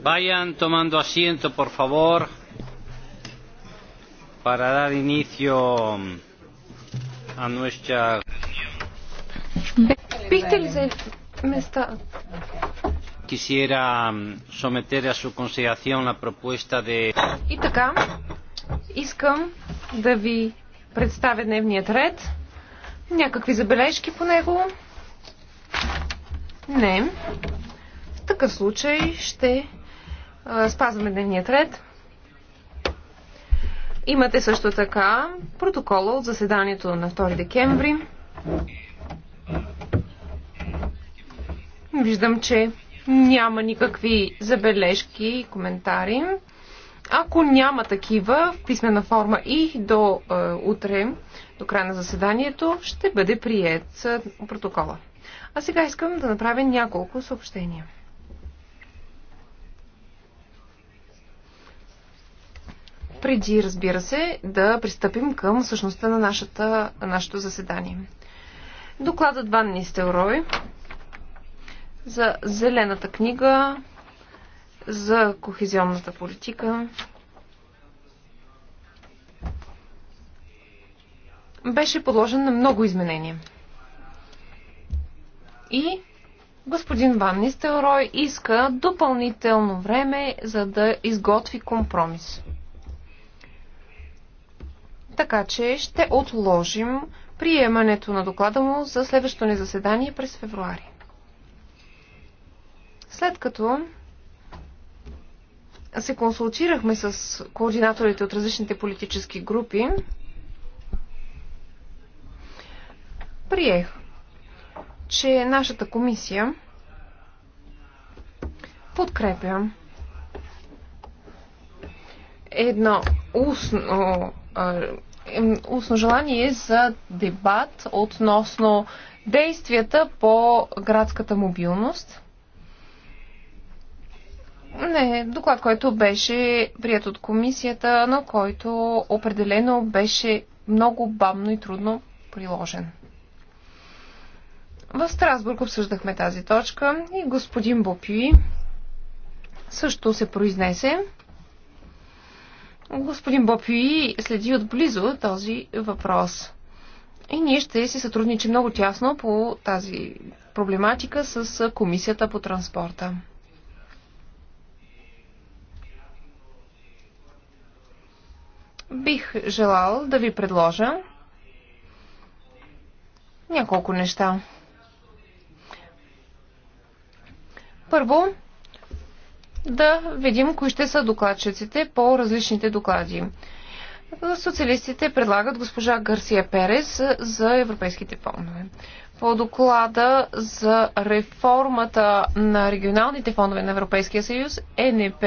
Vayan tomando asiento, por favor, para dar inicio a nuestra. Quisiera someter a su consideración la propuesta de. Y така, искам да ви представя дневният ред. Някакви забележки по него? Не. В такъв случай ще Спазваме дневният ред. Имате също така протокола от заседанието на 2 декември. Виждам, че няма никакви забележки и коментари. Ако няма такива в писмена форма и до е, утре, до края на заседанието, ще бъде прият е, протокола. А сега искам да направя няколко съобщения. преди, разбира се, да пристъпим към същността на нашата, нашето заседание. Докладът Ван Нистелрой за Зелената книга за кохезионната политика беше подложен на много изменения. И господин Ван Нистелрой иска допълнително време, за да изготви компромис. Така че ще отложим приемането на доклада му за следващото ни заседание през февруари. След като се консултирахме с координаторите от различните политически групи, приех, че нашата комисия подкрепя едно устно устно желание за дебат относно действията по градската мобилност. Не, доклад, който беше прият от комисията, но който определено беше много бавно и трудно приложен. В Страсбург обсъждахме тази точка и господин Бопюи също се произнесе. Господин Бопюи следи отблизо този въпрос. И ние ще си сътрудничим много тясно по тази проблематика с Комисията по транспорта. Бих желал да ви предложа няколко неща. Първо, да видим кои ще са докладчиците по различните доклади. Социалистите предлагат госпожа Гарсия Перес за европейските фондове. По доклада за реформата на регионалните фондове на Европейския съюз, ЕНП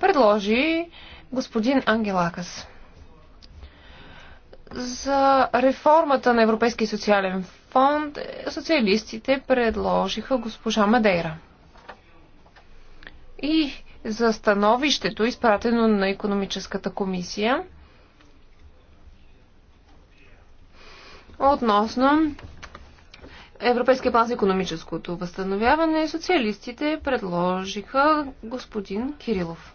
предложи господин Ангелакас. За реформата на Европейския социален фонд социалистите предложиха госпожа Мадейра и за становището, изпратено на економическата комисия относно Европейския план за економическото възстановяване. Социалистите предложиха господин Кирилов.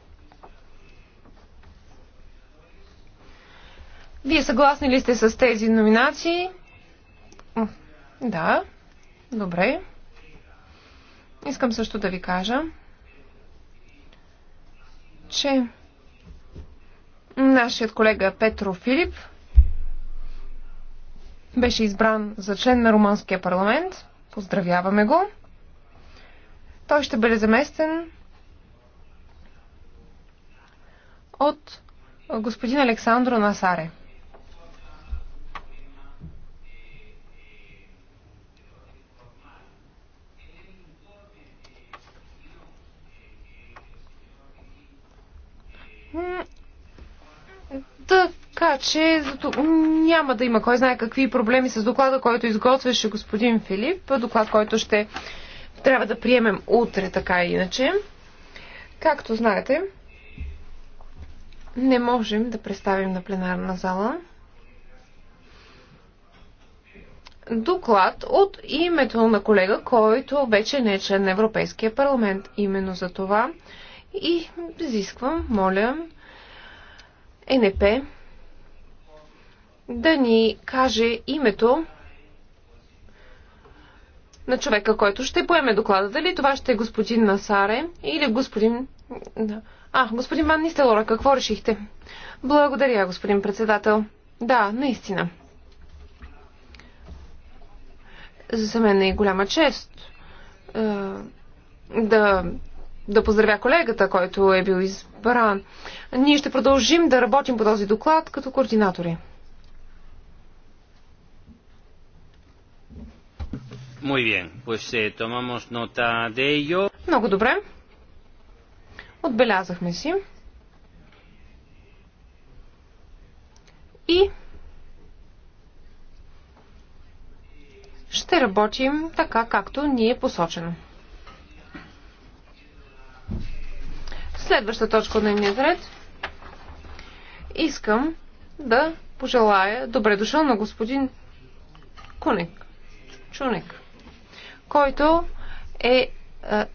Вие съгласни ли сте с тези номинации? Да, добре. Искам също да ви кажа, че нашият колега Петро Филип беше избран за член на Румънския парламент. Поздравяваме го. Той ще бъде заместен от господин Александро Насаре. Така че няма да има кой знае какви проблеми с доклада, който изготвяше господин Филип. Доклад, който ще трябва да приемем утре, така и иначе. Както знаете, не можем да представим на пленарна зала доклад от името на колега, който вече не е член на Европейския парламент. Именно за това и изисквам, моля, ЕНП да ни каже името на човека, който ще поеме доклада. Дали това ще е господин Насаре или господин... А, господин Ван Нистелора, какво решихте? Благодаря, господин председател. Да, наистина. За мен е голяма чест да да поздравя колегата, който е бил избран. Ние ще продължим да работим по този доклад като координатори. Muy bien, pues eh, tomamos nota de ello. Много добре. Отбелязахме си. И ще работим така, както ни е посочено. Следваща точка от дневния ред. Искам да пожелая добре дошъл на господин Куник. Чуник, който е, е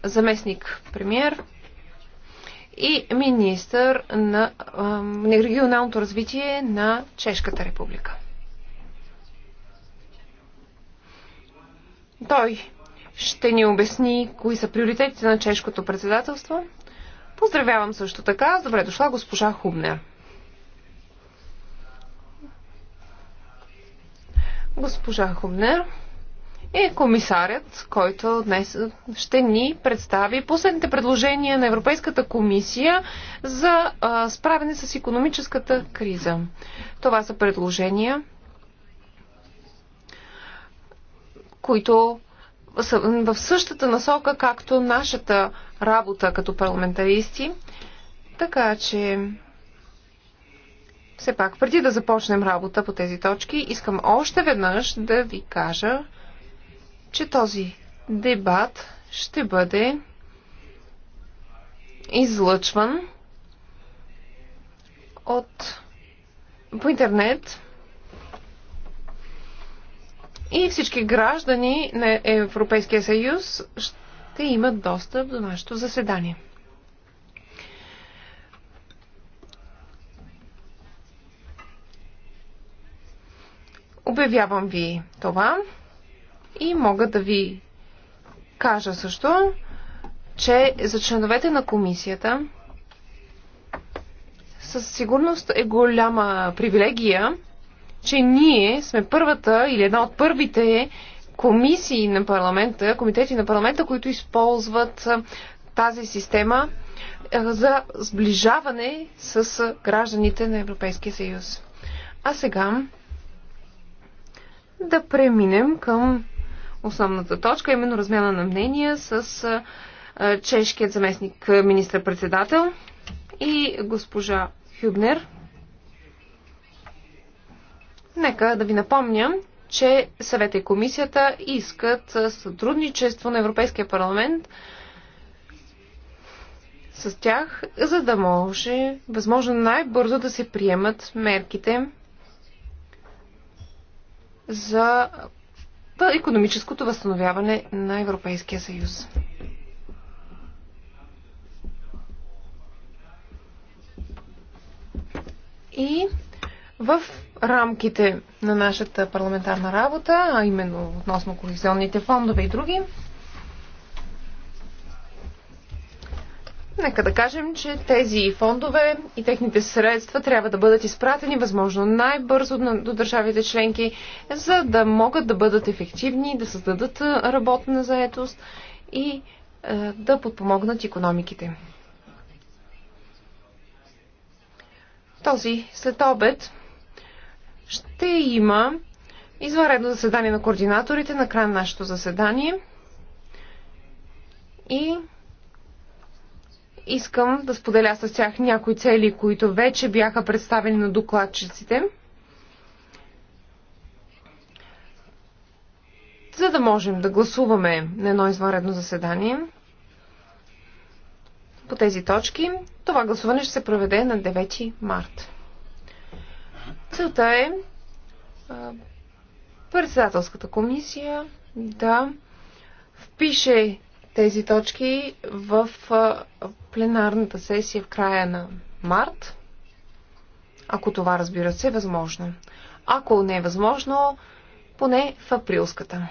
заместник премьер и министър е, на регионалното развитие на Чешката република. Той ще ни обясни кои са приоритетите на чешкото председателство, Поздравявам също така. Добре дошла госпожа Хубнер. Госпожа Хубнер е комисарят, който днес ще ни представи последните предложения на Европейската комисия за а, справяне с економическата криза. Това са предложения, които в същата насока, както нашата работа като парламентаристи. Така че, все пак, преди да започнем работа по тези точки, искам още веднъж да ви кажа, че този дебат ще бъде излъчван от по интернет и всички граждани на Европейския съюз ще имат достъп до нашето заседание. Обявявам ви това и мога да ви кажа също, че за членовете на комисията със сигурност е голяма привилегия че ние сме първата или една от първите комисии на парламента, комитети на парламента, които използват тази система за сближаване с гражданите на Европейския съюз. А сега да преминем към основната точка, именно размяна на мнения с чешкият заместник министър-председател и госпожа Хюбнер. Нека да ви напомням, че съвета и комисията искат сътрудничество на Европейския парламент с тях, за да може възможно най-бързо да се приемат мерките за економическото възстановяване на Европейския съюз. И в рамките на нашата парламентарна работа, а именно относно кохезионните фондове и други, Нека да кажем, че тези фондове и техните средства трябва да бъдат изпратени възможно най-бързо до държавите членки, за да могат да бъдат ефективни, да създадат работна заетост и да подпомогнат економиките. Този след обед ще има извънредно заседание на координаторите на края на нашето заседание. И искам да споделя с тях някои цели, които вече бяха представени на докладчиците. За да можем да гласуваме на едно извънредно заседание по тези точки, това гласуване ще се проведе на 9 марта. Целта е председателската комисия да впише тези точки в пленарната сесия в края на март, ако това разбира се е възможно. Ако не е възможно, поне в априлската.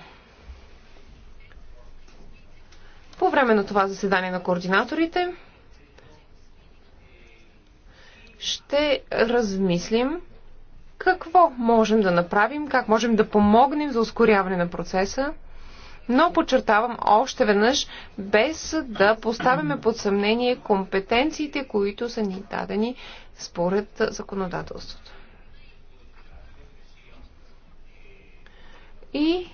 По време на това заседание на координаторите ще размислим какво можем да направим, как можем да помогнем за ускоряване на процеса, но подчертавам още веднъж, без да поставяме под съмнение компетенциите, които са ни дадени според законодателството. И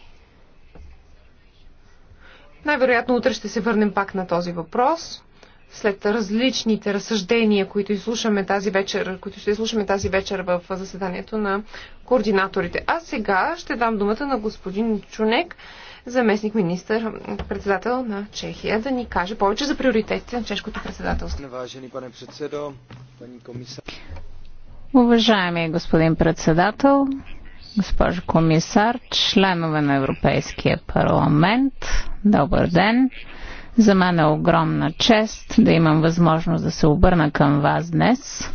най-вероятно утре ще се върнем пак на този въпрос след различните разсъждения, които изслушаме тази вечер, които ще изслушаме тази вечер в заседанието на координаторите. А сега ще дам думата на господин Чунек, заместник министър, председател на Чехия, да ни каже повече за приоритетите на чешкото председателство. Уважаеми господин председател, госпожо комисар, членове на Европейския парламент, добър ден. За мен е огромна чест да имам възможност да се обърна към вас днес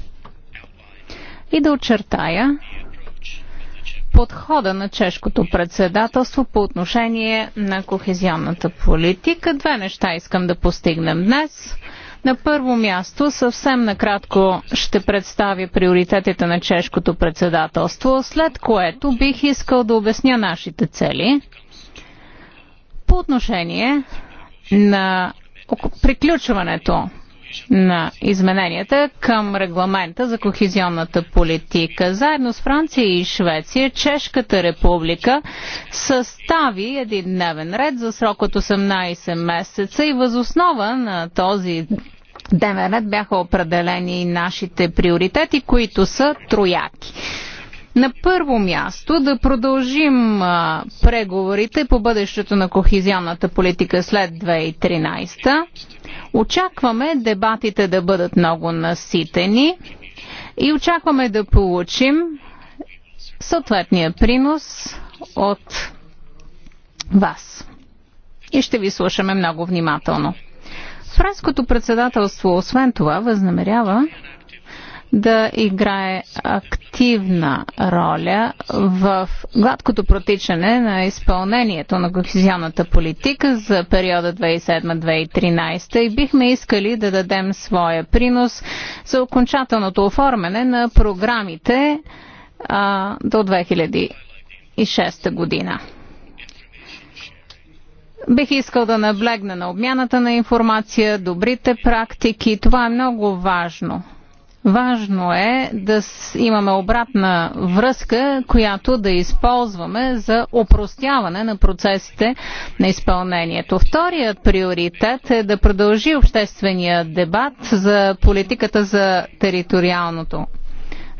и да очертая подхода на чешкото председателство по отношение на кохезионната политика. Две неща искам да постигнем днес. На първо място съвсем накратко ще представя приоритетите на чешкото председателство, след което бих искал да обясня нашите цели по отношение на приключването на измененията към регламента за кохезионната политика. Заедно с Франция и Швеция, Чешката република състави един дневен ред за срок от 18 месеца и възоснова на този дневен ред бяха определени нашите приоритети, които са трояки. На първо място да продължим а, преговорите по бъдещето на кохизионната политика след 2013. Очакваме дебатите да бъдат много наситени и очакваме да получим съответния принос от вас. И ще ви слушаме много внимателно. Френското председателство, освен това, възнамерява да играе активна роля в гладкото протичане на изпълнението на кохезионната политика за периода 2007-2013 и бихме искали да дадем своя принос за окончателното оформяне на програмите а, до 2006 година. Бих искал да наблегна на обмяната на информация, добрите практики. Това е много важно Важно е да имаме обратна връзка, която да използваме за опростяване на процесите на изпълнението. Вторият приоритет е да продължи обществения дебат за политиката за териториалното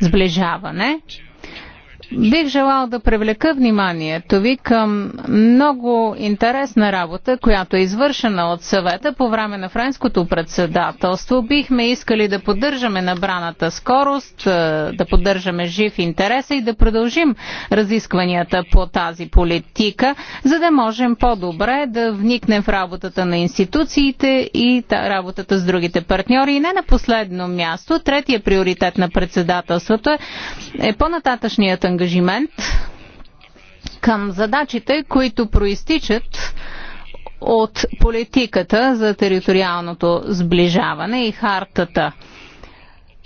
сближаване. Бих желал да привлека вниманието ви към много интересна работа, която е извършена от съвета по време на френското председателство. Бихме искали да поддържаме набраната скорост, е, да поддържаме жив интерес и да продължим разискванията по тази политика, за да можем по-добре да вникнем в работата на институциите и работата с другите партньори. И не на последно място, третия приоритет на председателството е, е по-нататъчният ангажимент ангажимент към задачите, които проистичат от политиката за териториалното сближаване и хартата.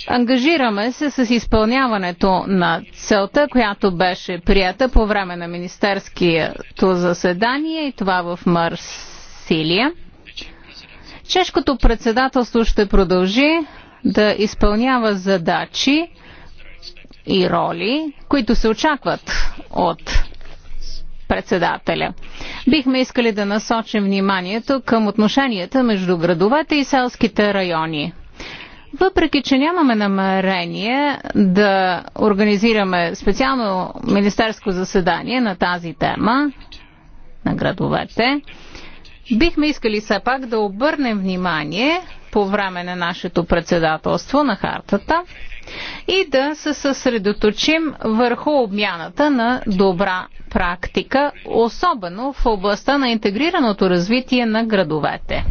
Ангажираме се с изпълняването на целта, която беше прията по време на министерското заседание и това в Марсилия. Чешкото председателство ще продължи да изпълнява задачи, и роли, които се очакват от председателя. Бихме искали да насочим вниманието към отношенията между градовете и селските райони. Въпреки, че нямаме намерение да организираме специално министерско заседание на тази тема, на градовете, бихме искали все пак да обърнем внимание по време на нашето председателство на хартата и да се съсредоточим върху обмяната на добра практика, особено в областта на интегрираното развитие на градовете.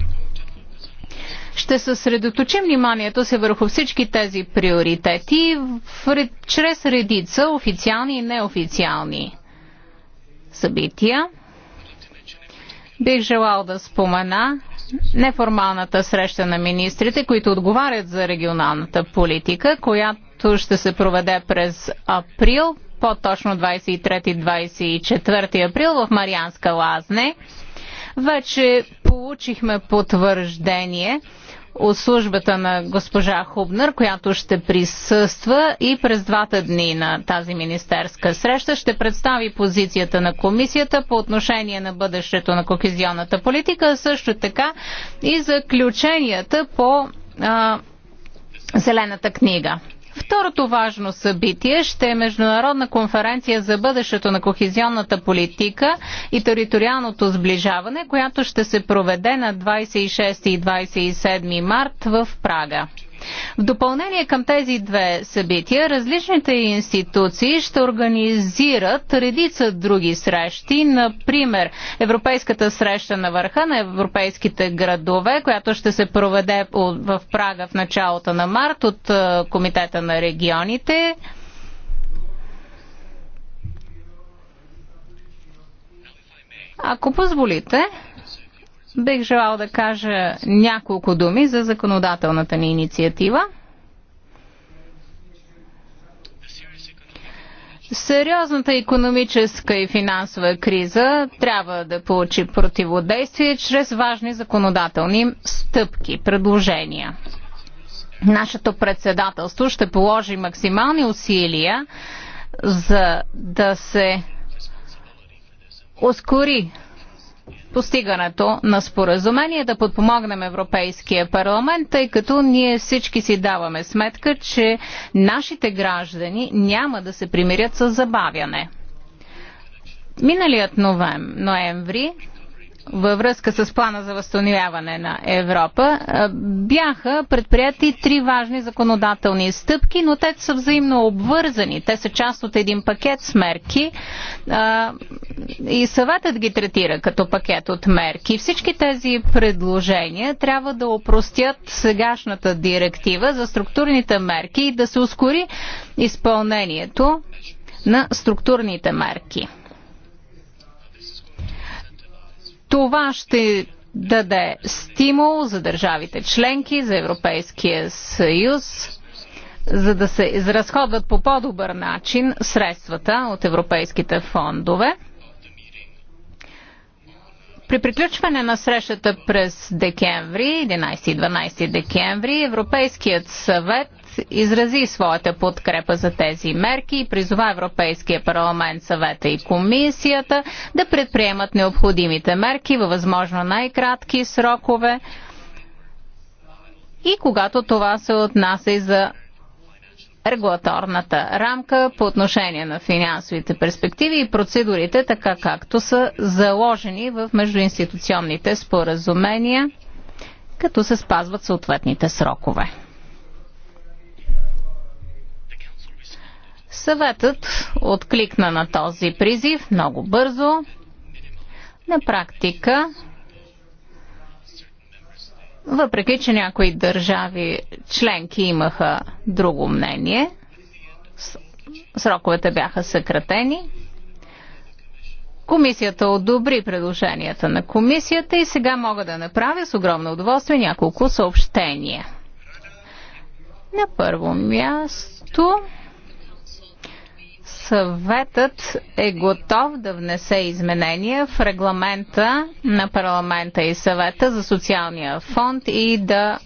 Ще съсредоточим вниманието се върху всички тези приоритети в, чрез редица официални и неофициални събития. Бих желал да спомена неформалната среща на министрите, които отговарят за регионалната политика, която ще се проведе през април, по-точно 23-24 април в Марианска лазне. Вече получихме потвърждение от службата на госпожа Хубнер, която ще присъства и през двата дни на тази министерска среща ще представи позицията на комисията по отношение на бъдещето на кохезионната политика, също така и заключенията по а, Зелената книга. Второто важно събитие ще е Международна конференция за бъдещето на кохезионната политика и териториалното сближаване, която ще се проведе на 26 и 27 март в Прага. В допълнение към тези две събития, различните институции ще организират редица други срещи, например Европейската среща на върха на европейските градове, която ще се проведе в Прага в началото на март от е, Комитета на регионите. Ако позволите, бих желал да кажа няколко думи за законодателната ни инициатива. Сериозната економическа и финансова криза трябва да получи противодействие чрез важни законодателни стъпки, предложения. Нашето председателство ще положи максимални усилия за да се ускори постигането на споразумение, да подпомогнем Европейския парламент, тъй като ние всички си даваме сметка, че нашите граждани няма да се примирят с забавяне. Миналият новем, ноември във връзка с плана за възстановяване на Европа, е, бяха предприяти три важни законодателни стъпки, но те са взаимно обвързани. Те са част от един пакет с мерки е, и съветът ги третира като пакет от мерки. Всички тези предложения трябва да опростят сегашната директива за структурните мерки и да се ускори изпълнението на структурните мерки. Това ще даде стимул за държавите членки, за Европейския съюз, за да се изразходват по по-добър начин средствата от европейските фондове. При приключване на срещата през декември, 11 и 12 декември, Европейският съвет изрази своята подкрепа за тези мерки и призова Европейския парламент, съвета и комисията да предприемат необходимите мерки във възможно най-кратки срокове и когато това се отнася и за регулаторната рамка по отношение на финансовите перспективи и процедурите, така както са заложени в междуинституционните споразумения, като се спазват съответните срокове. Съветът откликна на този призив много бързо. На практика, въпреки че някои държави членки имаха друго мнение, сроковете бяха съкратени. Комисията одобри предложенията на комисията и сега мога да направя с огромно удоволствие няколко съобщения. На първо място съветът е готов да внесе изменения в регламента на парламента и съвета за социалния фонд и да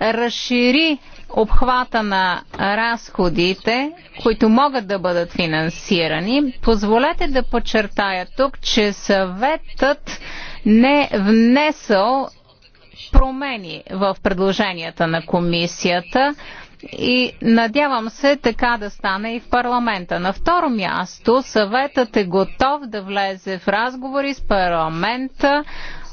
разшири обхвата на разходите, които могат да бъдат финансирани. Позволете да подчертая тук, че съветът не е внесъл промени в предложенията на комисията и надявам се така да стане и в парламента. На второ място, съветът е готов да влезе в разговори с парламента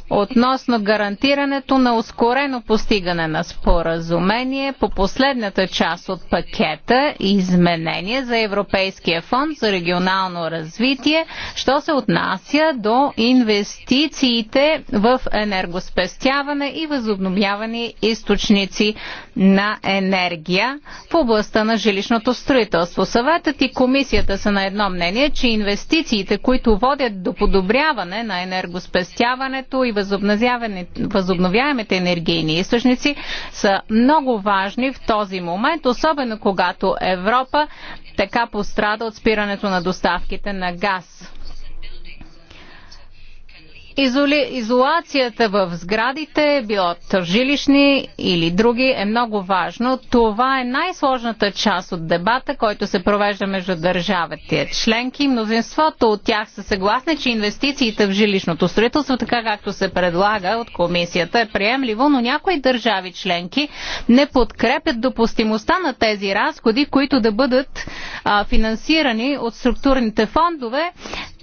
относно гарантирането на ускорено постигане на споразумение по последната част от пакета изменение за Европейския фонд за регионално развитие, що се отнася до инвестициите в енергоспестяване и възобновявани източници на енергия в областта на жилищното строителство. Съветът и комисията са на едно мнение, че инвестициите, които водят до подобряване на енергоспестяването и възобновяемите енергийни източници са много важни в този момент, особено когато Европа така пострада от спирането на доставките на газ. Изоли... Изолацията в сградите, било жилищни или други, е много важно. Това е най-сложната част от дебата, който се провежда между държавите членки. Мнозинството от тях са съгласни, че инвестициите в жилищното строителство, така както се предлага от комисията, е приемливо, но някои държави членки не подкрепят допустимостта на тези разходи, които да бъдат а, финансирани от структурните фондове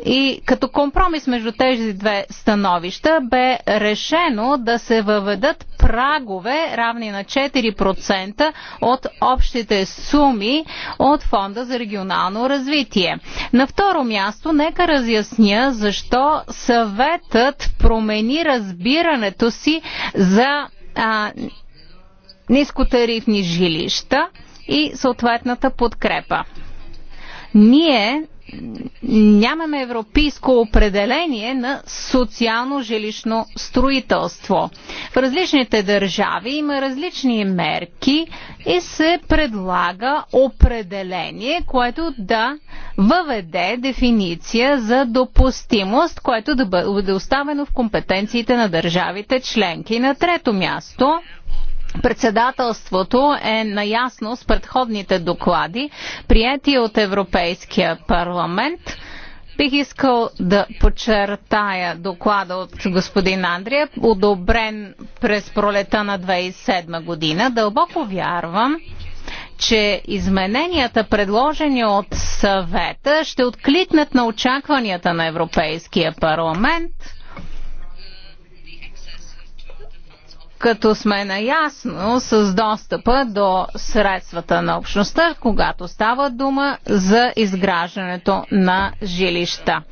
и като компромис между тези две становища бе решено да се въведат прагове равни на 4% от общите суми от Фонда за регионално развитие. На второ място, нека разясня защо съветът промени разбирането си за а, нискотарифни жилища и съответната подкрепа. Ние нямаме европейско определение на социално жилищно строителство. В различните държави има различни мерки и се предлага определение, което да въведе дефиниция за допустимост, което да бъде оставено в компетенциите на държавите членки. На трето място Председателството е наясно с предходните доклади, прияти от Европейския парламент. Бих искал да подчертая доклада от господин Андрия, одобрен през пролета на 2007 година. Дълбоко вярвам, че измененията, предложени от съвета, ще откликнат на очакванията на Европейския парламент – като сме наясно с достъпа до средствата на общността, когато става дума за изграждането на жилища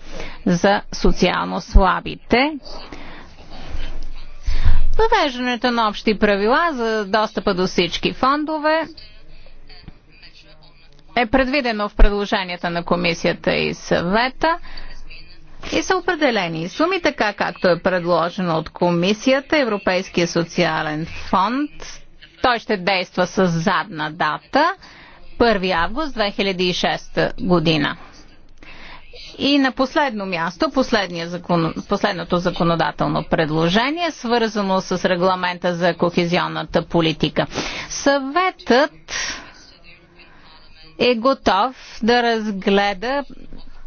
за социално слабите. Въвеждането на общи правила за достъпа до всички фондове е предвидено в предложенията на комисията и съвета и са определени суми, така както е предложено от комисията, Европейския социален фонд. Той ще действа с задна дата, 1 август 2006 година. И на последно място, закон, последното законодателно предложение, свързано с регламента за кохезионната политика. Съветът е готов да разгледа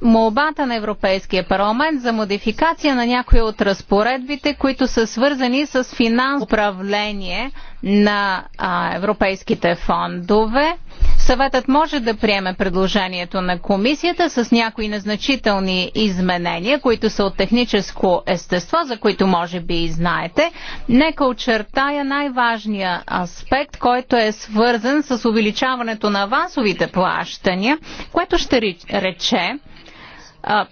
молбата на Европейския парламент за модификация на някои от разпоредбите, които са свързани с финансово управление на а, европейските фондове. Съветът може да приеме предложението на комисията с някои незначителни изменения, които са от техническо естество, за които може би и знаете. Нека очертая най-важния аспект, който е свързан с увеличаването на авансовите плащания, което ще рече,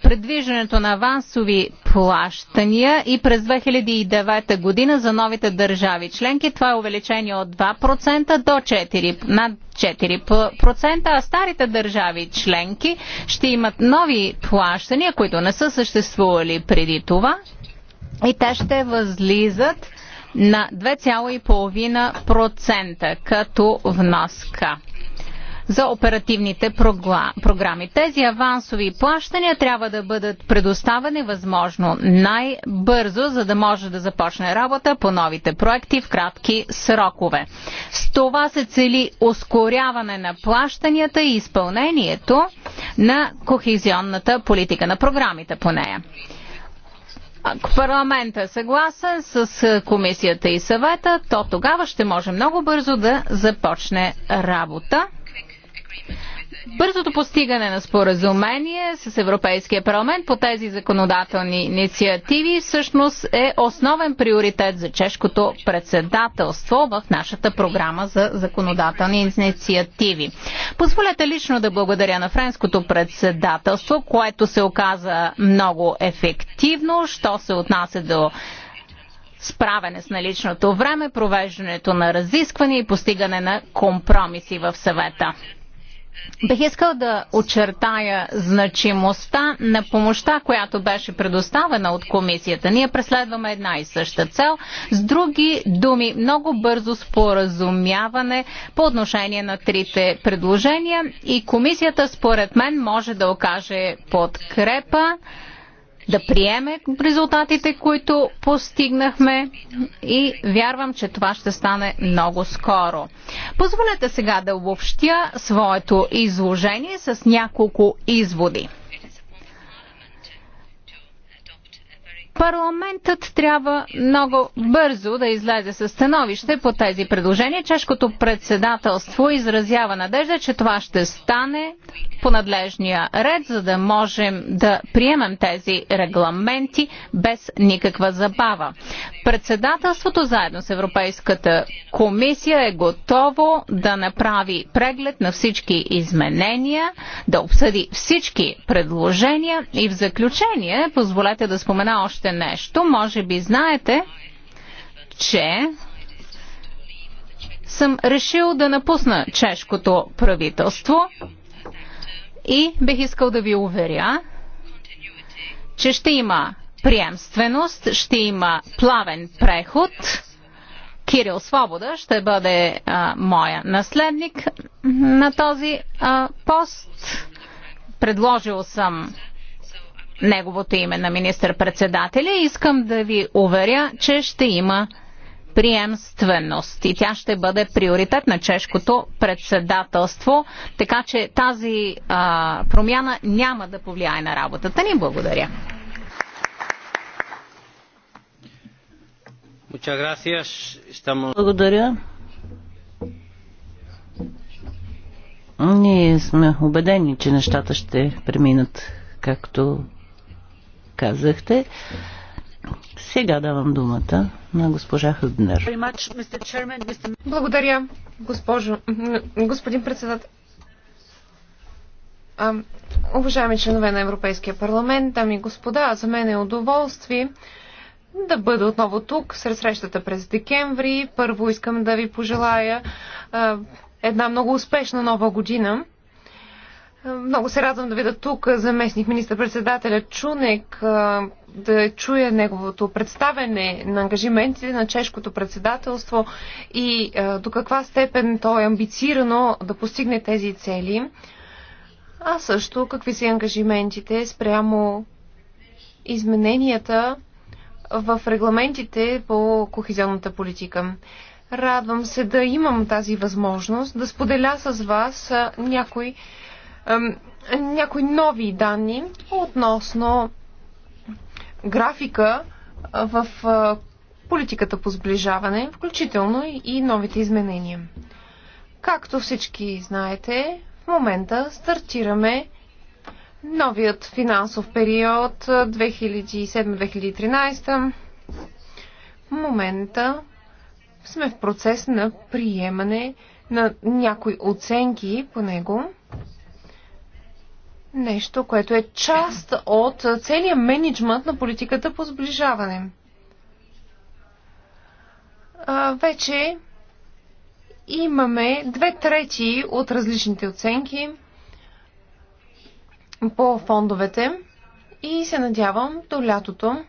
предвиждането на авансови плащания и през 2009 година за новите държави членки. Това е увеличение от 2% до 4%, над 4%, а старите държави членки ще имат нови плащания, които не са съществували преди това и те ще възлизат на 2,5% като вноска за оперативните програми. Тези авансови плащания трябва да бъдат предоставени възможно най-бързо, за да може да започне работа по новите проекти в кратки срокове. С това се цели ускоряване на плащанията и изпълнението на кохезионната политика, на програмите по нея. Ако парламентът е съгласен с комисията и съвета, то тогава ще може много бързо да започне работа бързото постигане на споразумение с Европейския парламент по тези законодателни инициативи всъщност е основен приоритет за чешкото председателство в нашата програма за законодателни инициативи. Позволете лично да благодаря на френското председателство, което се оказа много ефективно, що се отнася до справене с наличното време, провеждането на разискване и постигане на компромиси в съвета. Бих искал да очертая значимостта на помощта, която беше предоставена от комисията. Ние преследваме една и съща цел. С други думи, много бързо споразумяване по отношение на трите предложения и комисията според мен може да окаже подкрепа да приеме резултатите, които постигнахме и вярвам, че това ще стане много скоро. Позволете сега да обобщя своето изложение с няколко изводи. Парламентът трябва много бързо да излезе със становище по тези предложения. Чешкото председателство изразява надежда, че това ще стане по надлежния ред, за да можем да приемем тези регламенти без никаква забава. Председателството заедно с Европейската комисия е готово да направи преглед на всички изменения, да обсъди всички предложения и в заключение позволете да спомена още нещо. Може би знаете, че съм решил да напусна чешкото правителство и бих искал да ви уверя, че ще има приемственост, ще има плавен преход. Кирил Свобода ще бъде а, моя наследник на този а, пост. Предложил съм неговото име на министър-председателя. Искам да ви уверя, че ще има приемственост и тя ще бъде приоритет на чешкото председателство, така че тази а, промяна няма да повлияе на работата ни. Благодаря. Благодаря. Ние сме убедени, че нещата ще преминат както казахте. Сега давам думата на госпожа Хъбнер. Благодаря, госпожо, господин председател. уважаеми членове на Европейския парламент, дами и господа, за мен е удоволствие да бъда отново тук сред срещата през декември. Първо искам да ви пожелая а, една много успешна нова година много се радвам да видя тук заместник министър-председателя Чунек, да чуя неговото представене на ангажиментите на чешкото председателство и до каква степен то е амбицирано да постигне тези цели, а също какви са ангажиментите спрямо измененията в регламентите по кохизионната политика. Радвам се да имам тази възможност да споделя с вас някои някои нови данни относно графика в политиката по сближаване, включително и новите изменения. Както всички знаете, в момента стартираме новият финансов период 2007-2013. В момента сме в процес на приемане на някои оценки по него нещо, което е част от целият менеджмент на политиката по сближаване. вече имаме две трети от различните оценки по фондовете и се надявам до лятото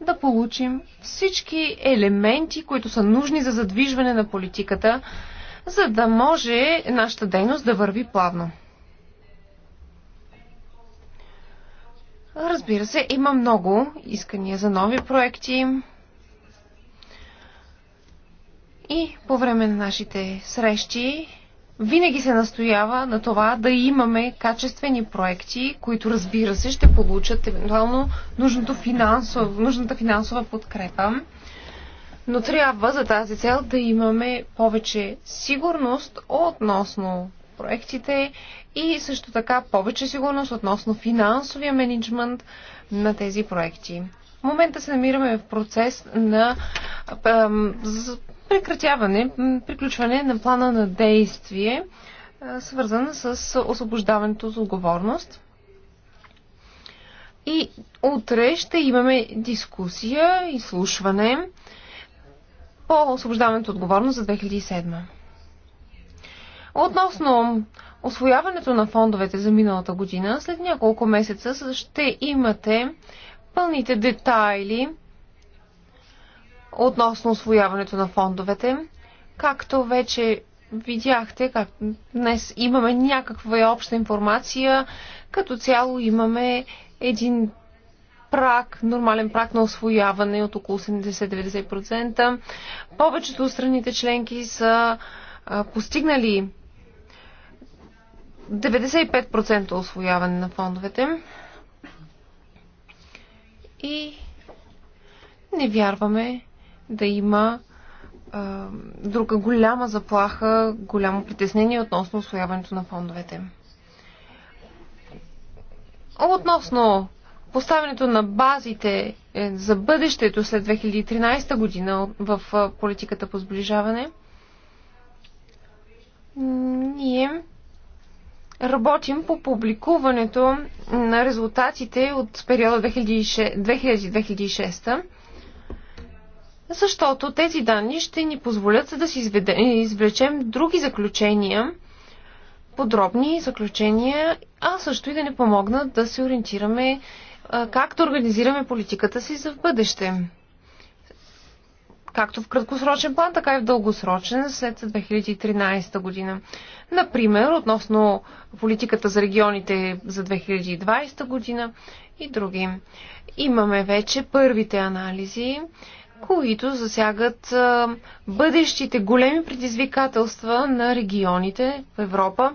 да получим всички елементи, които са нужни за задвижване на политиката, за да може нашата дейност да върви плавно. Разбира се, има много искания за нови проекти. И по време на нашите срещи винаги се настоява на това да имаме качествени проекти, които разбира се ще получат евентуално финансов, нужната финансова подкрепа. Но трябва за тази цел да имаме повече сигурност относно проектите и също така повече сигурност относно финансовия менеджмент на тези проекти. В момента се намираме в процес на прекратяване, приключване на плана на действие, свързан с освобождаването за отговорност. И утре ще имаме дискусия, и слушване по освобождаването от отговорност за 2007. Относно освояването на фондовете за миналата година, след няколко месеца ще имате пълните детайли относно освояването на фондовете. Както вече видяхте, как днес имаме някаква обща информация, като цяло имаме един прак, нормален прак на освояване от около 80 90 Повечето от страните членки са постигнали 95% освояване на фондовете. И не вярваме да има а, друга голяма заплаха, голямо притеснение относно освояването на фондовете. Относно поставянето на базите е, за бъдещето след 2013 година в политиката по сближаване, ние работим по публикуването на резултатите от периода 2000-2006, защото тези данни ще ни позволят да си извлечем други заключения, подробни заключения, а също и да ни помогнат да се ориентираме как да организираме политиката си за в бъдеще както в краткосрочен план, така и в дългосрочен след 2013 година. Например, относно политиката за регионите за 2020 година и други. Имаме вече първите анализи, които засягат бъдещите големи предизвикателства на регионите в Европа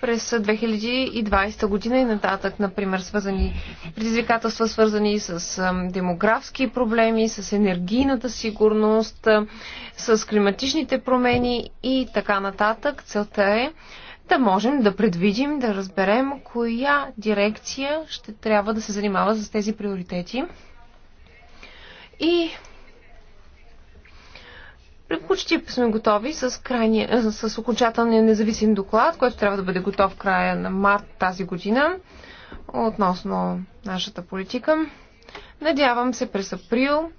през 2020 година и нататък, например, свързани, предизвикателства свързани с демографски проблеми, с енергийната сигурност, с климатичните промени и така нататък. Целта е да можем да предвидим, да разберем коя дирекция ще трябва да се занимава с тези приоритети. И почти сме готови с, крайния, с окончателния независим доклад, който трябва да бъде готов в края на март тази година относно нашата политика. Надявам се през април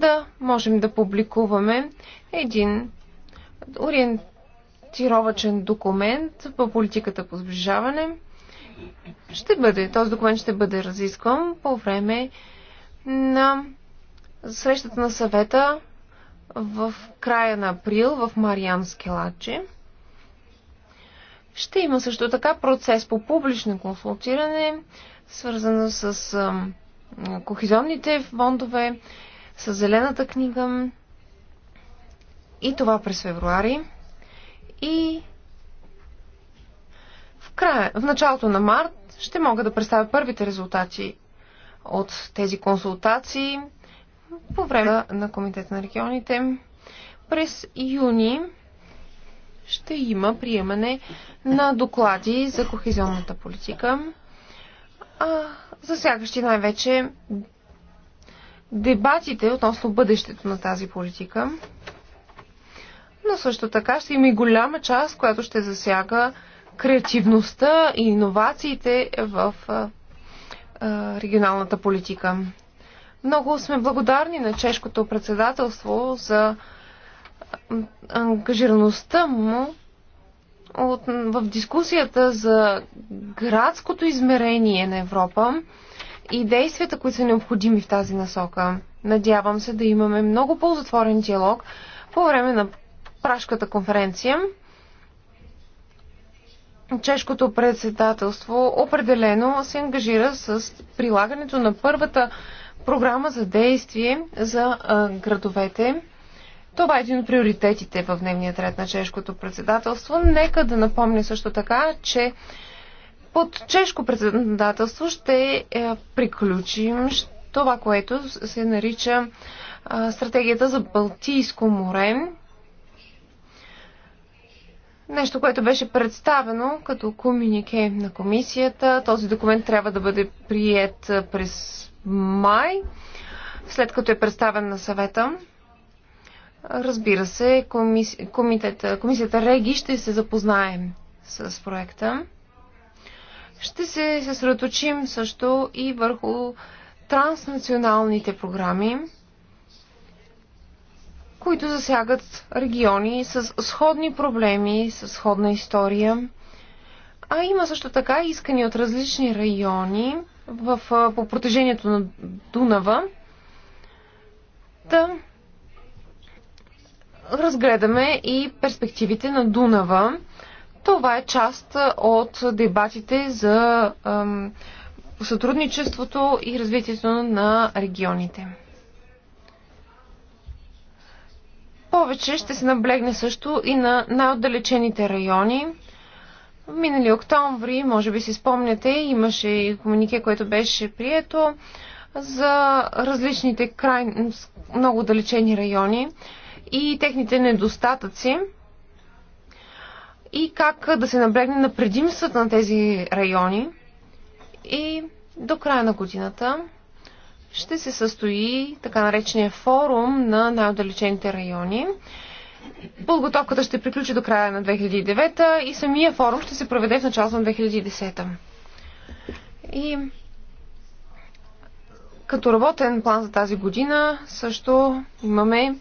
да можем да публикуваме един ориентировачен документ по политиката по сближаване. Ще бъде, този документ ще бъде разискван по време на срещата на съвета в края на април в Мариански Скелаче. Ще има също така процес по публично консултиране, свързано с кохизионните фондове, с зелената книга и това през февруари. И в, края, в началото на март ще мога да представя първите резултати от тези консултации по време на Комитет на регионите. През юни ще има приемане на доклади за кохезионната политика, засягащи най-вече дебатите относно бъдещето на тази политика. Но също така ще има и голяма част, която ще засяга креативността и иновациите в регионалната политика. Много сме благодарни на чешкото председателство за ангажираността му от, в дискусията за градското измерение на Европа и действията, които са необходими в тази насока. Надявам се да имаме много ползотворен диалог по време на прашката конференция. Чешкото председателство определено се ангажира с прилагането на първата програма за действие за а, градовете. Това е един от приоритетите в дневния ред на чешкото председателство. Нека да напомня също така, че под чешко председателство ще е, приключим това, което се нарича а, стратегията за Балтийско море. Нещо, което беше представено като комюнике на комисията. Този документ трябва да бъде прият през май, след като е представен на съвета. Разбира се, комитета... комисията Реги ще се запознаем с проекта. Ще се съсредоточим също и върху транснационалните програми, които засягат региони с сходни проблеми, с сходна история. А има също така искани от различни райони в, по протежението на Дунава. Да разгледаме и перспективите на Дунава. Това е част от дебатите за ам, сътрудничеството и развитието на регионите. Повече ще се наблегне също и на най-отдалечените райони, Минали октомври, може би си спомняте, имаше и комунике, което беше прието за различните край... много далечени райони и техните недостатъци и как да се наблегне на предимствата на тези райони. И до края на годината ще се състои така наречения форум на най-отдалечените райони. Подготовката ще приключи до края на 2009 и самия форум ще се проведе в началото на 2010. И като работен план за тази година също имаме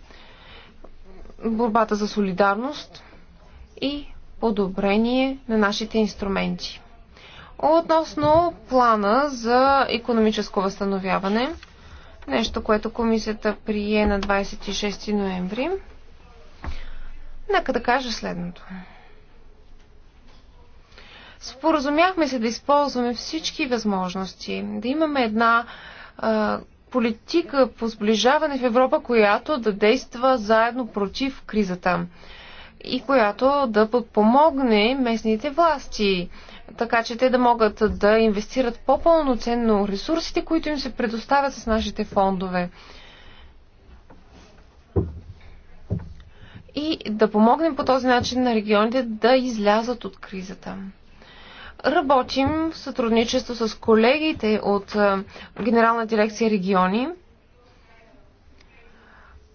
борбата за солидарност и подобрение на нашите инструменти. Относно плана за економическо възстановяване, нещо, което комисията прие на 26 ноември, Нека да кажа следното. Споразумяхме се да използваме всички възможности, да имаме една а, политика по сближаване в Европа, която да действа заедно против кризата и която да подпомогне местните власти, така че те да могат да инвестират по-пълноценно ресурсите, които им се предоставят с нашите фондове. и да помогнем по този начин на регионите да излязат от кризата. Работим в сътрудничество с колегите от Генерална дирекция региони,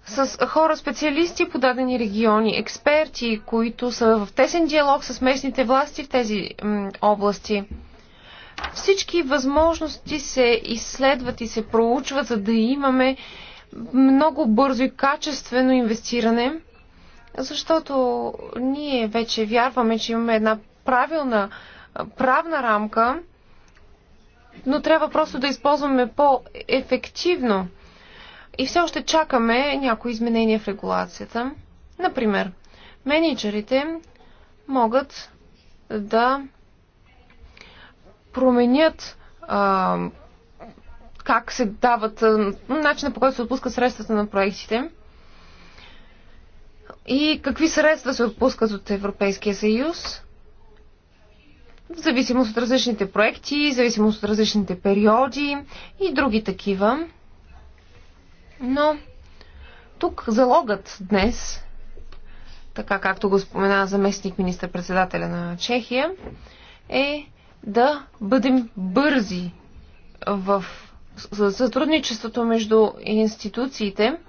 с хора, специалисти по дадени региони, експерти, които са в тесен диалог с местните власти в тези области. Всички възможности се изследват и се проучват, за да имаме много бързо и качествено инвестиране – защото ние вече вярваме, че имаме една правилна правна рамка, но трябва просто да използваме по-ефективно. И все още чакаме някои изменения в регулацията. Например, менеджерите могат да променят а, как се дават, начина по който се отпускат средствата на проектите. И какви средства се отпускат от Европейския съюз? В зависимост от различните проекти, в зависимост от различните периоди и други такива. Но тук залогът днес, така както го спомена заместник министър-председателя на Чехия, е да бъдем бързи в сътрудничеството между институциите –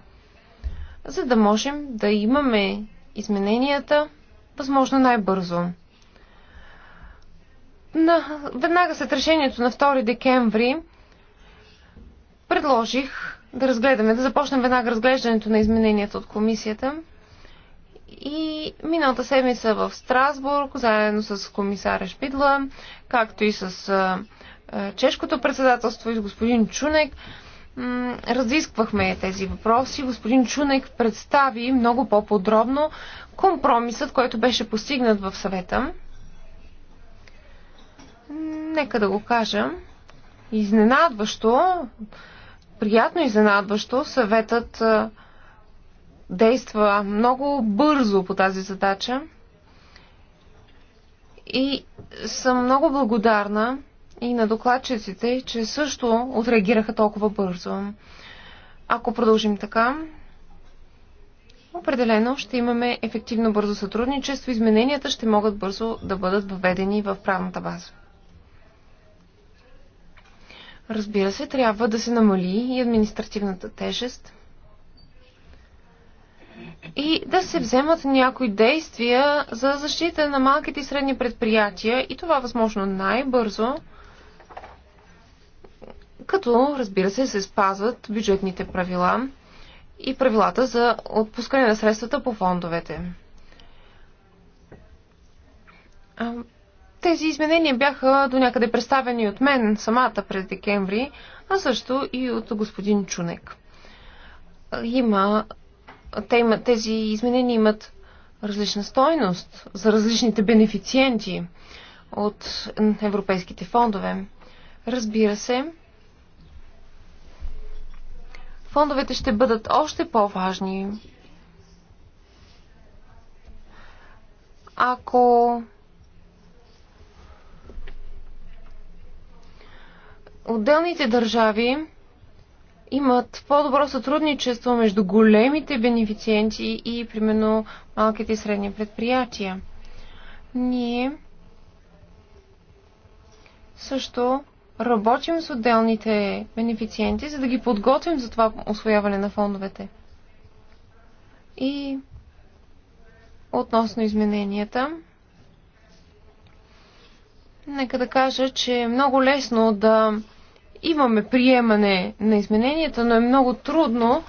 за да можем да имаме измененията възможно най-бързо. На, веднага след решението на 2 декември предложих да разгледаме, да започнем веднага разглеждането на измененията от комисията. И миналата седмица в Страсбург, заедно с комисаря Шпидла, както и с чешкото председателство и с господин Чунек, разисквахме тези въпроси. Господин Чунек представи много по-подробно компромисът, който беше постигнат в съвета. Нека да го кажа. Изненадващо, приятно изненадващо, съветът действа много бързо по тази задача. И съм много благодарна и на докладчиците, че също отреагираха толкова бързо. Ако продължим така, определено ще имаме ефективно бързо сътрудничество. Измененията ще могат бързо да бъдат въведени в правната база. Разбира се, трябва да се намали и административната тежест и да се вземат някои действия за защита на малките и средни предприятия и това възможно най-бързо като разбира се се спазват бюджетните правила и правилата за отпускане на средствата по фондовете. Тези изменения бяха до някъде представени от мен самата през декември, а също и от господин Чунек. Има, те има тези изменения имат различна стойност за различните бенефициенти от европейските фондове. Разбира се, фондовете ще бъдат още по-важни. Ако отделните държави имат по-добро сътрудничество между големите бенефициенти и, примерно, малките и средни предприятия. Ние също работим с отделните бенефициенти, за да ги подготвим за това освояване на фондовете. И относно измененията, нека да кажа, че е много лесно да имаме приемане на измененията, но е много трудно,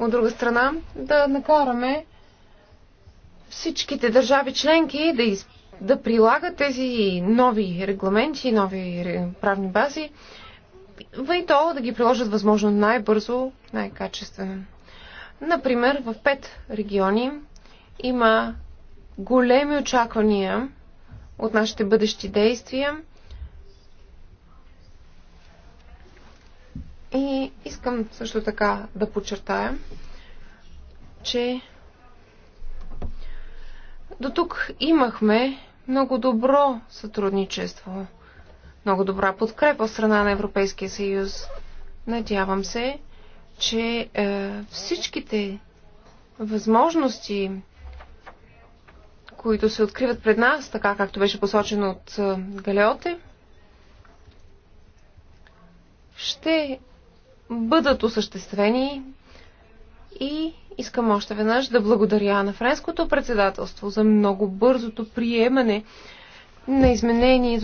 от друга страна, да накараме всичките държави членки да изпълнят да прилага тези нови регламенти, нови правни бази, и то да ги приложат възможно най-бързо, най-качествено. Например, в пет региони има големи очаквания от нашите бъдещи действия. И искам също така да подчертая, че до тук имахме много добро сътрудничество, много добра подкрепа в страна на Европейския съюз. Надявам се, че е, всичките възможности, които се откриват пред нас, така както беше посочено от е, Галеоте, ще бъдат осъществени и искам още веднъж да благодаря на Френското председателство за много бързото приемане на изменение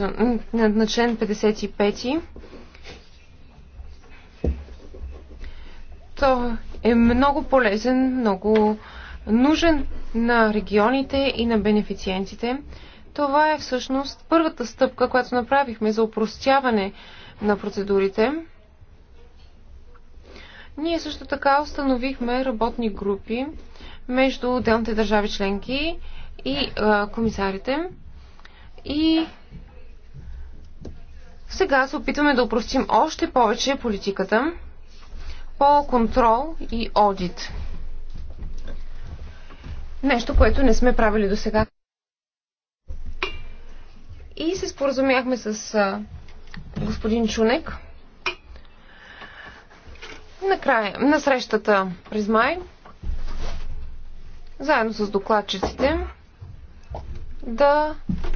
на, на член 55. То е много полезен, много нужен на регионите и на бенефициентите. Това е всъщност първата стъпка, която направихме за упростяване на процедурите. Ние също така установихме работни групи между отделните държави членки и а, комисарите. И сега се опитваме да упростим още повече политиката по контрол и одит. Нещо, което не сме правили до сега. И се споразумяхме с господин Чунек Накрая, на срещата през май, заедно с докладчиците, да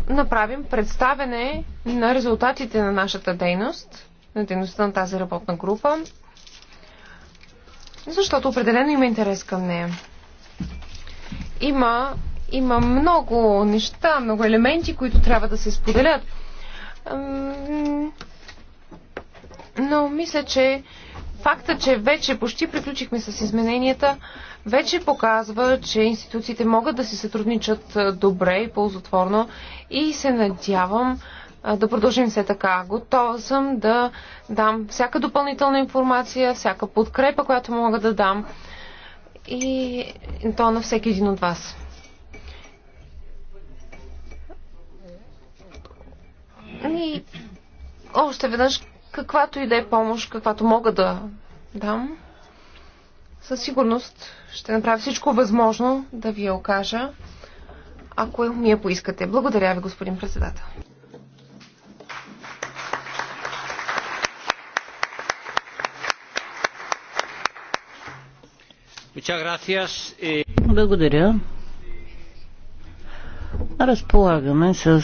направим представене на резултатите на нашата дейност, на дейността на тази работна група, защото определено има интерес към нея. Има, има много неща, много елементи, които трябва да се споделят. Но мисля, че Факта, че вече почти приключихме с измененията, вече показва, че институциите могат да си сътрудничат добре и ползотворно и се надявам да продължим все така. Готова съм да дам всяка допълнителна информация, всяка подкрепа, която мога да дам и то на всеки един от вас. И още веднъж каквато и да е помощ, каквато мога да дам, със сигурност ще направя всичко възможно да ви я окажа, ако ми я поискате. Благодаря ви, господин председател. Eh. Благодаря. Разполагаме с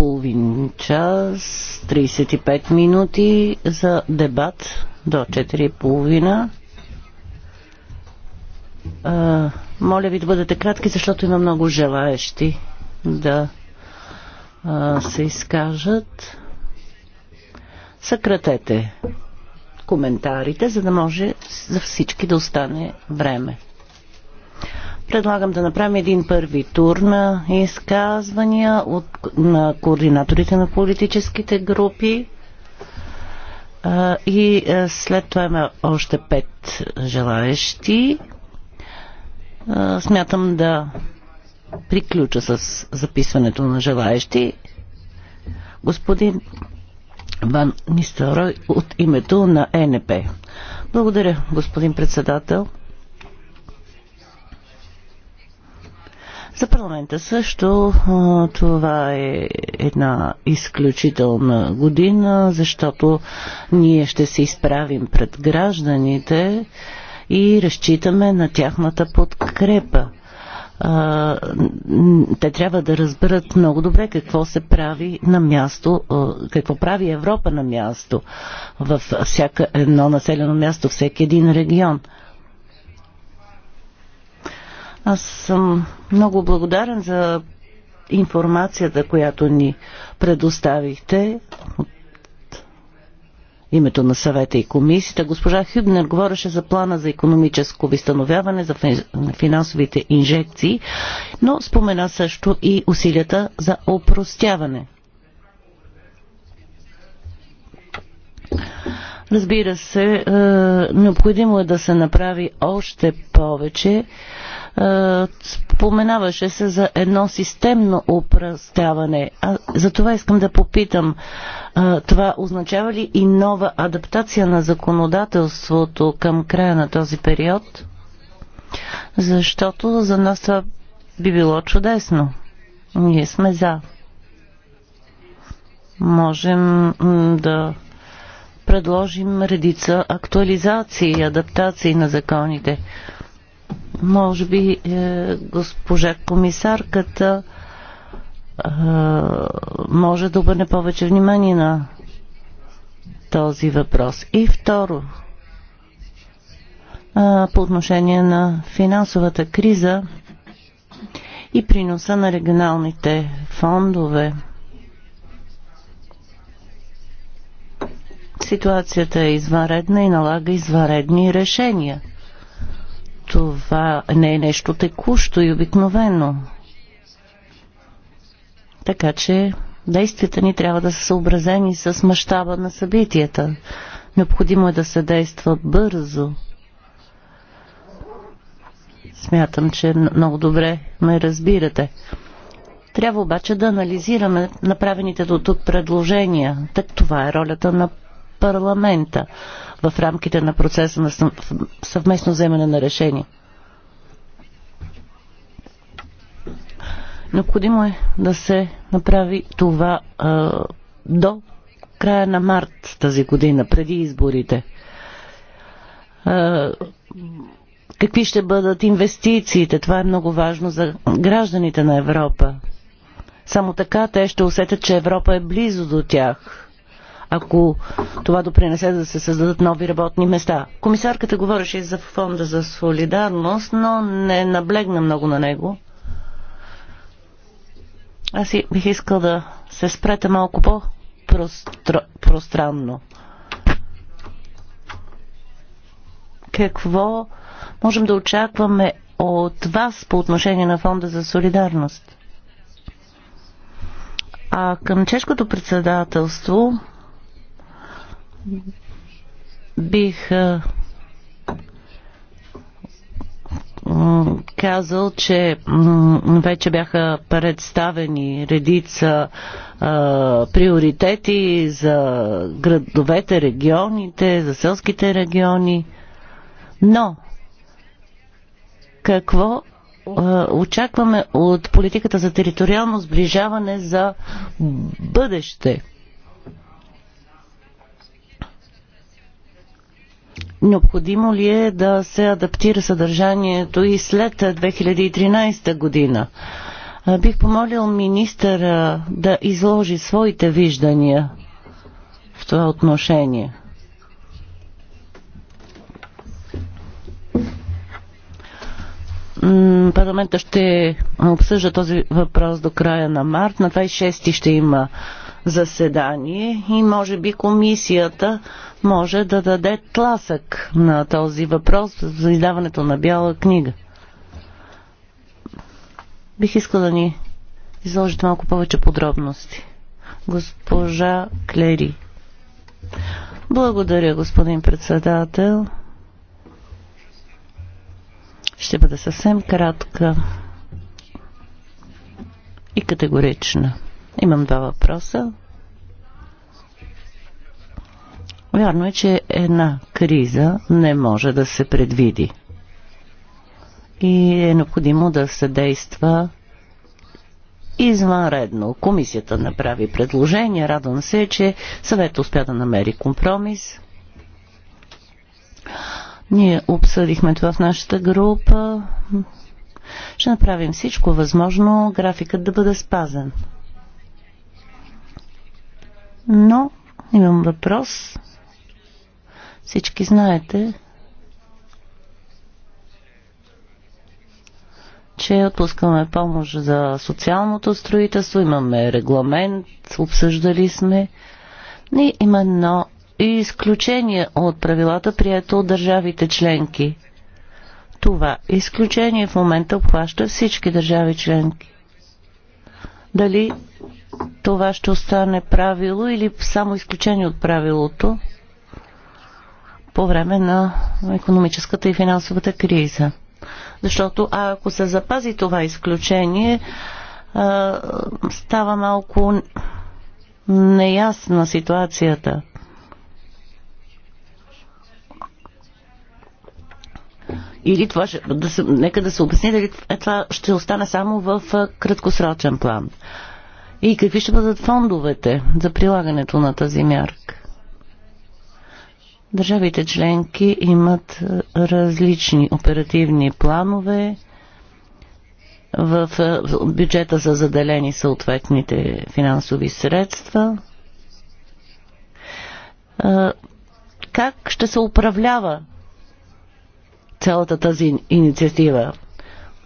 половин час, 35 минути за дебат до 4.30. Моля ви да бъдете кратки, защото има много желаещи да а, се изкажат. Съкратете коментарите, за да може за всички да остане време. Предлагам да направим един първи тур на изказвания от, на координаторите на политическите групи. А, и а, след това има още пет желаещи. А, смятам да приключа с записването на желаещи. Господин Ван Нистерой от името на ЕНП. Благодаря, господин председател. За парламента също това е една изключителна година, защото ние ще се изправим пред гражданите и разчитаме на тяхната подкрепа. Те трябва да разберат много добре какво се прави на място, какво прави Европа на място, във всяка едно населено място, всеки един регион. Аз съм много благодарен за информацията, която ни предоставихте от името на съвета и комисията. Госпожа Хюбнер говореше за плана за економическо възстановяване, за финансовите инжекции, но спомена също и усилията за опростяване. Разбира се, е, необходимо е да се направи още повече, е, споменаваше се за едно системно упростяване. А за това искам да попитам, е, това означава ли и нова адаптация на законодателството към края на този период? Защото за нас това би било чудесно. Ние сме за. Можем да предложим редица актуализации и адаптации на законите. Може би е, госпожа комисарката е, може да обърне повече внимание на този въпрос. И второ, е, по отношение на финансовата криза и приноса на регионалните фондове. Ситуацията е изваредна и налага изваредни решения. Това не е нещо текущо и обикновено. Така че действията ни трябва да са съобразени с мащаба на събитията. Необходимо е да се действа бързо. Смятам, че много добре ме разбирате. Трябва обаче да анализираме направените до тук предложения. Так това е ролята на парламента в рамките на процеса на съвместно вземане на решение. Необходимо е да се направи това а, до края на март тази година, преди изборите. А, какви ще бъдат инвестициите? Това е много важно за гражданите на Европа. Само така те ще усетят, че Европа е близо до тях ако това допринесе да се създадат нови работни места. Комисарката говореше и за фонда за солидарност, но не наблегна много на него. Аз бих искал да се спрете малко по-пространно. Какво можем да очакваме от вас по отношение на Фонда за солидарност? А към чешкото председателство бих казал, че вече бяха представени редица а, приоритети за градовете, регионите, за селските региони. Но какво очакваме от политиката за териториално сближаване за бъдеще? Необходимо ли е да се адаптира съдържанието и след 2013 година? Бих помолил министъра да изложи своите виждания в това отношение. Парламента ще обсъжда този въпрос до края на март. На 26 ще има заседание и може би комисията може да даде тласък на този въпрос за издаването на бяла книга. Бих искала да ни изложите малко повече подробности. Госпожа Клери. Благодаря, господин председател. Ще бъда съвсем кратка и категорична. Имам два въпроса. Вярно е, че една криза не може да се предвиди. И е необходимо да се действа извънредно. Комисията направи предложение. Радвам се, че съвет успя да намери компромис. Ние обсъдихме това в нашата група. Ще направим всичко възможно графикът да бъде спазен. Но имам въпрос. Всички знаете, че отпускаме помощ за социалното строителство, имаме регламент, обсъждали сме. И има едно изключение от правилата, прието от държавите членки. Това изключение в момента обхваща всички държави членки. Дали това ще остане правило или само изключение от правилото по време на економическата и финансовата криза. Защото а ако се запази това изключение, а, става малко неясна ситуацията. Или това ще, да се, нека да се обясни дали е това ще остане само в краткосрочен план. И какви ще бъдат фондовете за прилагането на тази мярка? Държавите членки имат различни оперативни планове. В бюджета са заделени съответните финансови средства. Как ще се управлява цялата тази инициатива?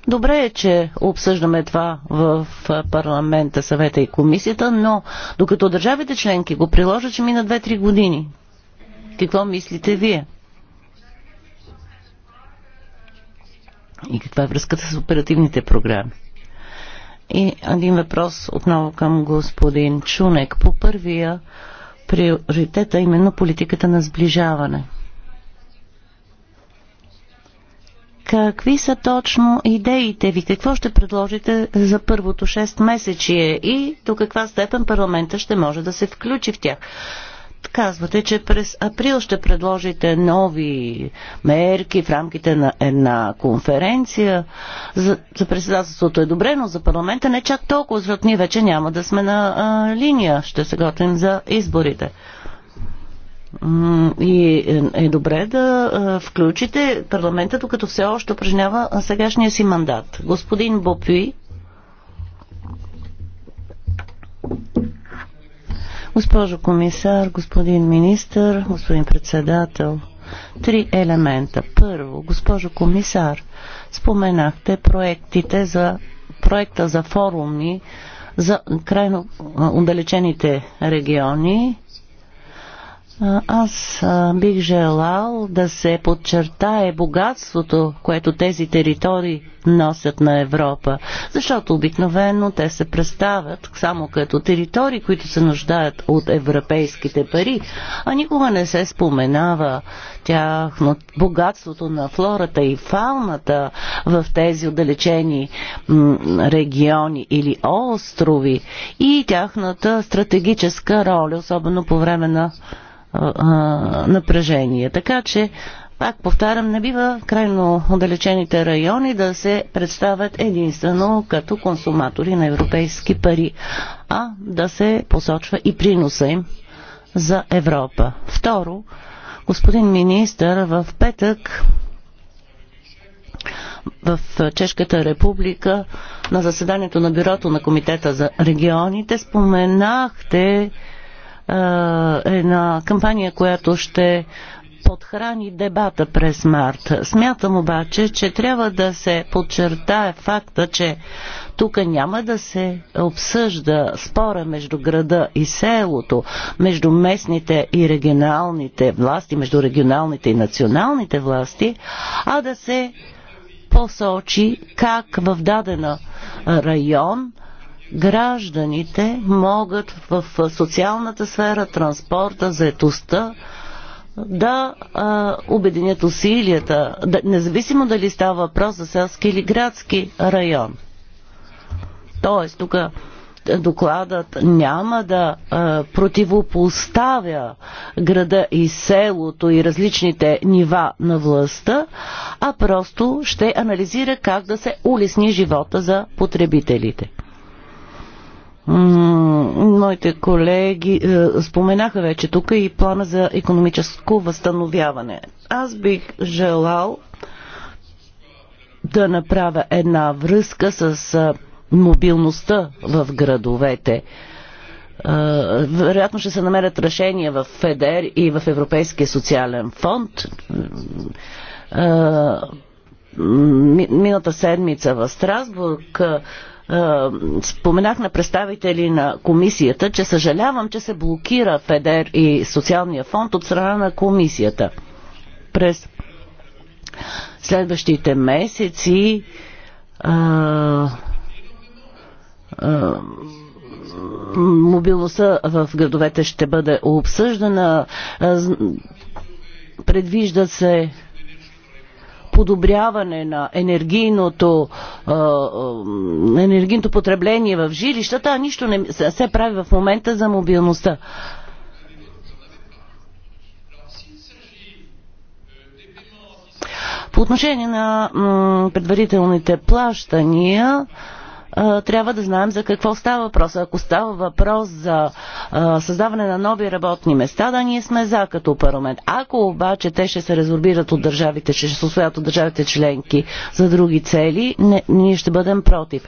Добре е, че обсъждаме това в парламента, съвета и комисията, но докато държавите членки го приложат, ще мина 2-3 години. Какво мислите вие? И каква е връзката с оперативните програми? И един въпрос отново към господин Чунек. По първия приоритета, е именно политиката на сближаване – Какви са точно идеите ви? Какво ще предложите за първото 6 месечие и до каква степен парламента ще може да се включи в тях? Казвате, че през април ще предложите нови мерки в рамките на една конференция. За, за председателството е добре, но за парламента не чак толкова, защото ние вече няма да сме на а, линия. Ще се готвим за изборите. И е, е добре да е, включите парламента, докато все още упражнява сегашния си мандат. Господин Бопюи. Госпожо комисар, господин министр, господин председател, три елемента. Първо, госпожо комисар, споменахте проектите за проекта за форуми за крайно удалечените е, региони аз бих желал да се подчертае богатството, което тези територии носят на Европа, защото обикновено те се представят само като територии, които се нуждаят от европейските пари, а никога не се споменава тяхно богатството на флората и фауната в тези отдалечени региони или острови и тяхната стратегическа роля, особено по време на напрежение. Така че, пак повтарям, не бива крайно отдалечените райони да се представят единствено като консуматори на европейски пари, а да се посочва и приноса им за Европа. Второ, господин министър, в петък в Чешката република на заседанието на бюрото на Комитета за регионите споменахте е, една кампания, която ще подхрани дебата през март. Смятам обаче, че трябва да се подчертае факта, че тук няма да се обсъжда спора между града и селото, между местните и регионалните власти, между регионалните и националните власти, а да се посочи как в дадена район гражданите могат в социалната сфера, транспорта, заетостта да а, обединят усилията, да, независимо дали става въпрос за селски или градски район. Тоест, тук докладът няма да а, противопоставя града и селото и различните нива на властта, а просто ще анализира как да се улесни живота за потребителите. Моите колеги е, споменаха вече тук и плана за економическо възстановяване. Аз бих желал да направя една връзка с е, мобилността в градовете. Е, вероятно ще се намерят решения в ФЕДЕР и в Европейския социален фонд. Мината седмица в Страсбург е, споменах на представители на комисията, че съжалявам, че се блокира ФЕДЕР и социалния фонд от страна на комисията. През следващите месеци а, е, а, е, мобилността в градовете ще бъде обсъждана. Предвижда се подобряване на енергийното, енергийното потребление в жилищата, а нищо не се прави в момента за мобилността. По отношение на предварителните плащания, трябва да знаем за какво става въпрос. Ако става въпрос за създаване на нови работни места, да ние сме за като парламент. Ако обаче те ще се резорбират от държавите, ще се освоят от държавите членки за други цели, не, ние ще бъдем против.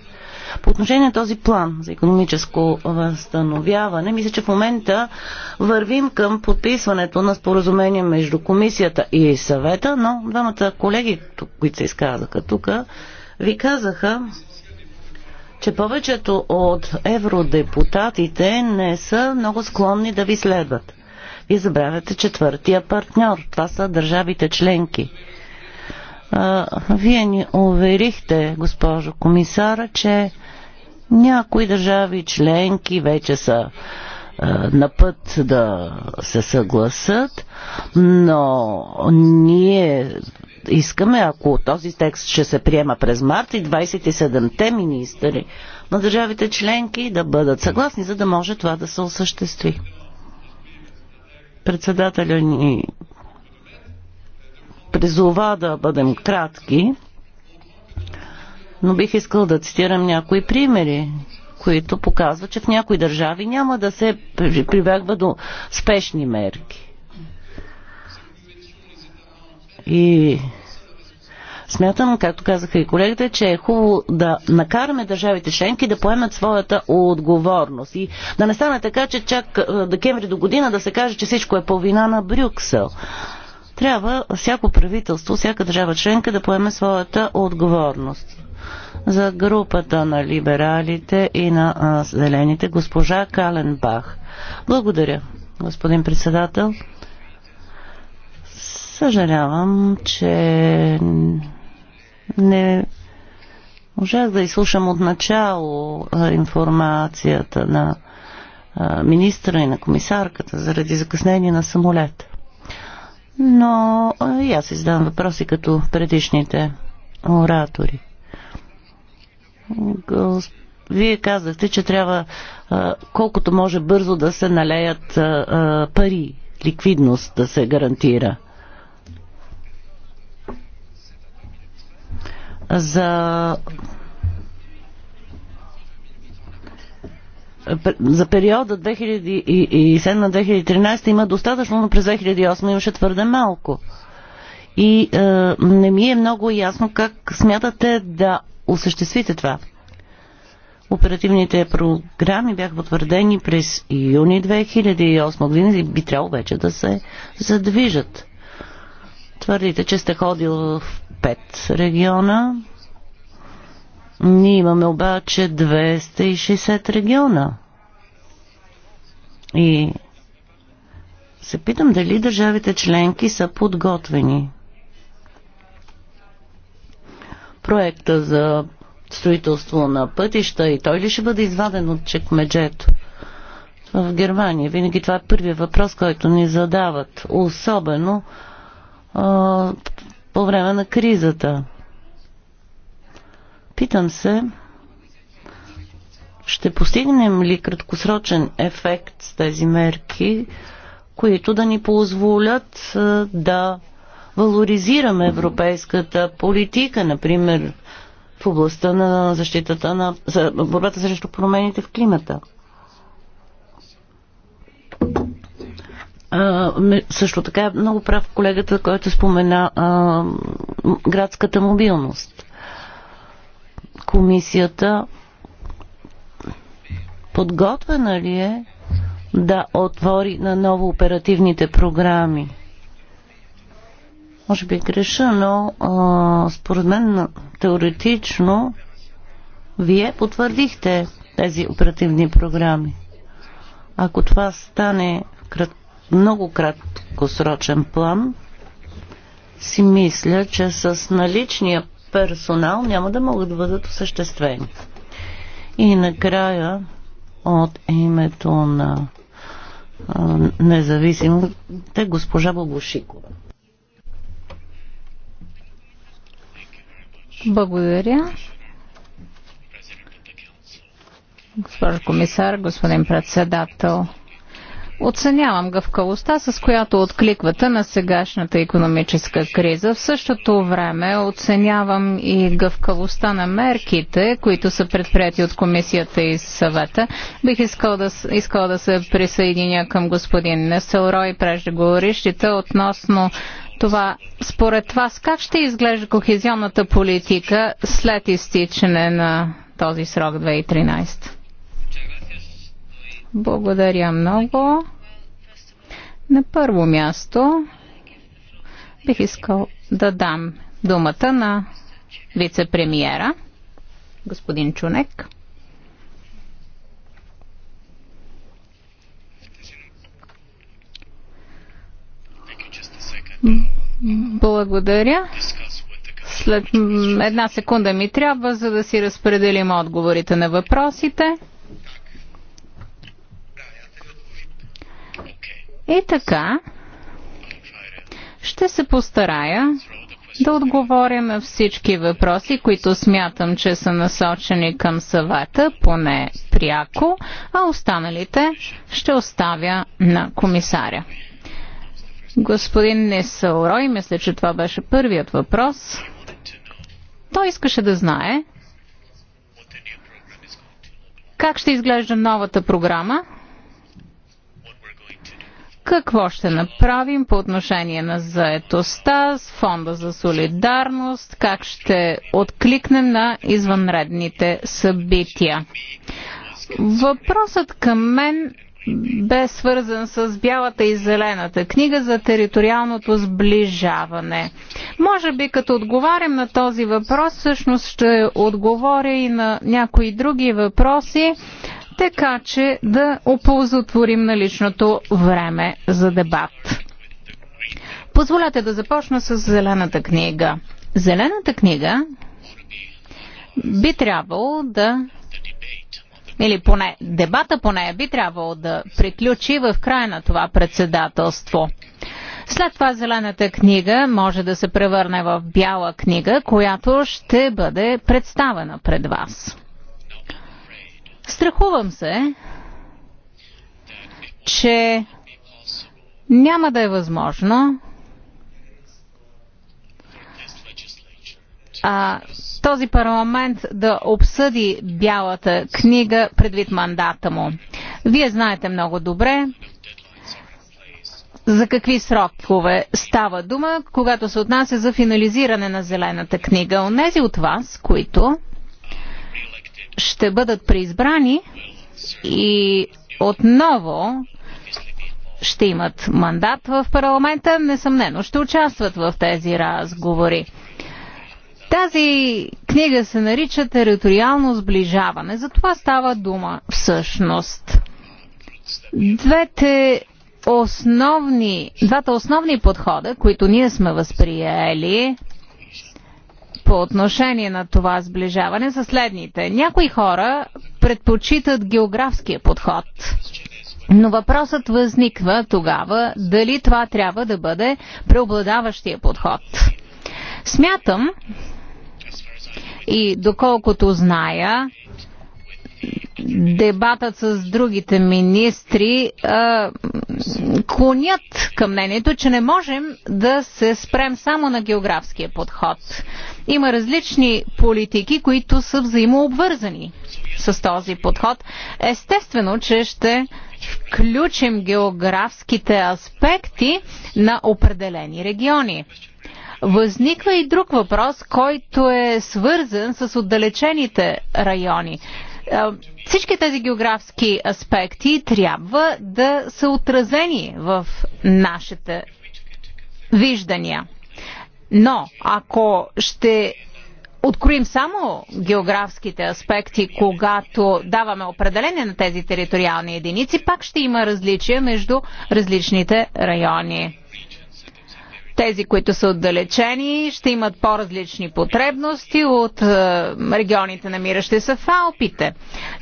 По отношение на този план за економическо възстановяване, мисля, че в момента вървим към подписването на споразумение между комисията и съвета, но двамата колеги, които се изказаха тук, ви казаха, че повечето от евродепутатите не са много склонни да ви следват. Вие забравяте четвъртия партньор. Това са държавите членки. А, вие ни уверихте, госпожо комисара, че някои държави членки вече са на път да се съгласат, но ние искаме, ако този текст ще се приема през март и 27-те министри на държавите членки да бъдат съгласни, за да може това да се осъществи. Председателя ни призова да бъдем кратки, но бих искал да цитирам някои примери, които показват, че в някои държави няма да се прибягва до спешни мерки. И смятам, както казаха и колегите, че е хубаво да накараме държавите членки да поемат своята отговорност. И да не стане така, че чак декември до година да се каже, че всичко е по вина на Брюксел. Трябва всяко правителство, всяка държава членка да поеме своята отговорност. За групата на либералите и на зелените госпожа Каленбах. Благодаря, господин председател. Съжалявам, че не можах да изслушам от начало информацията на министра и на комисарката заради закъснение на самолет. Но и аз издавам въпроси като предишните оратори. Вие казахте, че трябва колкото може бързо да се налеят пари, ликвидност да се гарантира. за за периода 2007-2013 има достатъчно, но през 2008 имаше твърде малко. И е, не ми е много ясно как смятате да осъществите това. Оперативните програми бяха потвърдени през юни 2008 година и би трябвало вече да се задвижат. Твърдите, че сте ходил в пет региона. Ние имаме обаче 260 региона. И се питам дали държавите членки са подготвени. Проекта за строителство на пътища и той ли ще бъде изваден от чекмеджето? В Германия винаги това е първият въпрос, който ни задават. Особено а, по време на кризата. Питам се, ще постигнем ли краткосрочен ефект с тези мерки, които да ни позволят да валоризираме европейската политика, например в областта на защитата на за борбата срещу промените в климата. също така е много прав колегата, който спомена а, градската мобилност. Комисията подготвена ли е да отвори на ново оперативните програми? Може би е греша, но а, според мен теоретично вие потвърдихте тези оперативни програми. Ако това стане в много краткосрочен план си мисля, че с наличния персонал няма да могат да бъдат осъществени. И накрая от името на независимите госпожа Бабушикова. Благодаря. Госпожо комисар, господин председател, Оценявам гъвкавостта, с която откликвате на сегашната економическа криза. В същото време оценявам и гъвкавостта на мерките, които са предприяти от комисията и съвета. Бих искал да, искал да се присъединя към господин Неселро и преждеговорищите относно това. Според вас как ще изглежда кохезионната политика след изтичане на този срок 2013? Благодаря много. На първо място бих искал да дам думата на вице-премьера, господин Чунек. Благодаря. След една секунда ми трябва, за да си разпределим отговорите на въпросите. И така, ще се постарая да отговоря на всички въпроси, които смятам, че са насочени към съвета, поне пряко, а останалите ще оставя на комисаря. Господин Несълрой, мисля, че това беше първият въпрос. Той искаше да знае как ще изглежда новата програма какво ще направим по отношение на заетостта, с фонда за солидарност, как ще откликнем на извънредните събития. Въпросът към мен бе свързан с бялата и зелената книга за териториалното сближаване. Може би като отговарям на този въпрос, всъщност ще отговоря и на някои други въпроси, така че да оползотворим наличното време за дебат. Позволете да започна с Зелената книга. Зелената книга би трябвало да или поне дебата по нея би трябвало да приключи в края на това председателство. След това зелената книга може да се превърне в бяла книга, която ще бъде представена пред вас. Страхувам се, че няма да е възможно а, този парламент да обсъди бялата книга предвид мандата му. Вие знаете много добре за какви срокове става дума, когато се отнася за финализиране на зелената книга. Онези от вас, които ще бъдат преизбрани и отново ще имат мандат в парламента, несъмнено ще участват в тези разговори. Тази книга се нарича Териториално сближаване. За това става дума всъщност. Двете основни, двата основни подхода, които ние сме възприели, по отношение на това сближаване са следните. Някои хора предпочитат географския подход. Но въпросът възниква тогава дали това трябва да бъде преобладаващия подход. Смятам и доколкото зная, дебатът с другите министри а, клонят към мнението, че не можем да се спрем само на географския подход. Има различни политики, които са взаимообвързани с този подход. Естествено, че ще включим географските аспекти на определени региони. Възниква и друг въпрос, който е свързан с отдалечените райони. Всички тези географски аспекти трябва да са отразени в нашите виждания. Но ако ще откроим само географските аспекти, когато даваме определение на тези териториални единици, пак ще има различия между различните райони. Тези, които са отдалечени, ще имат по-различни потребности от е, регионите, намиращи се в Алпите.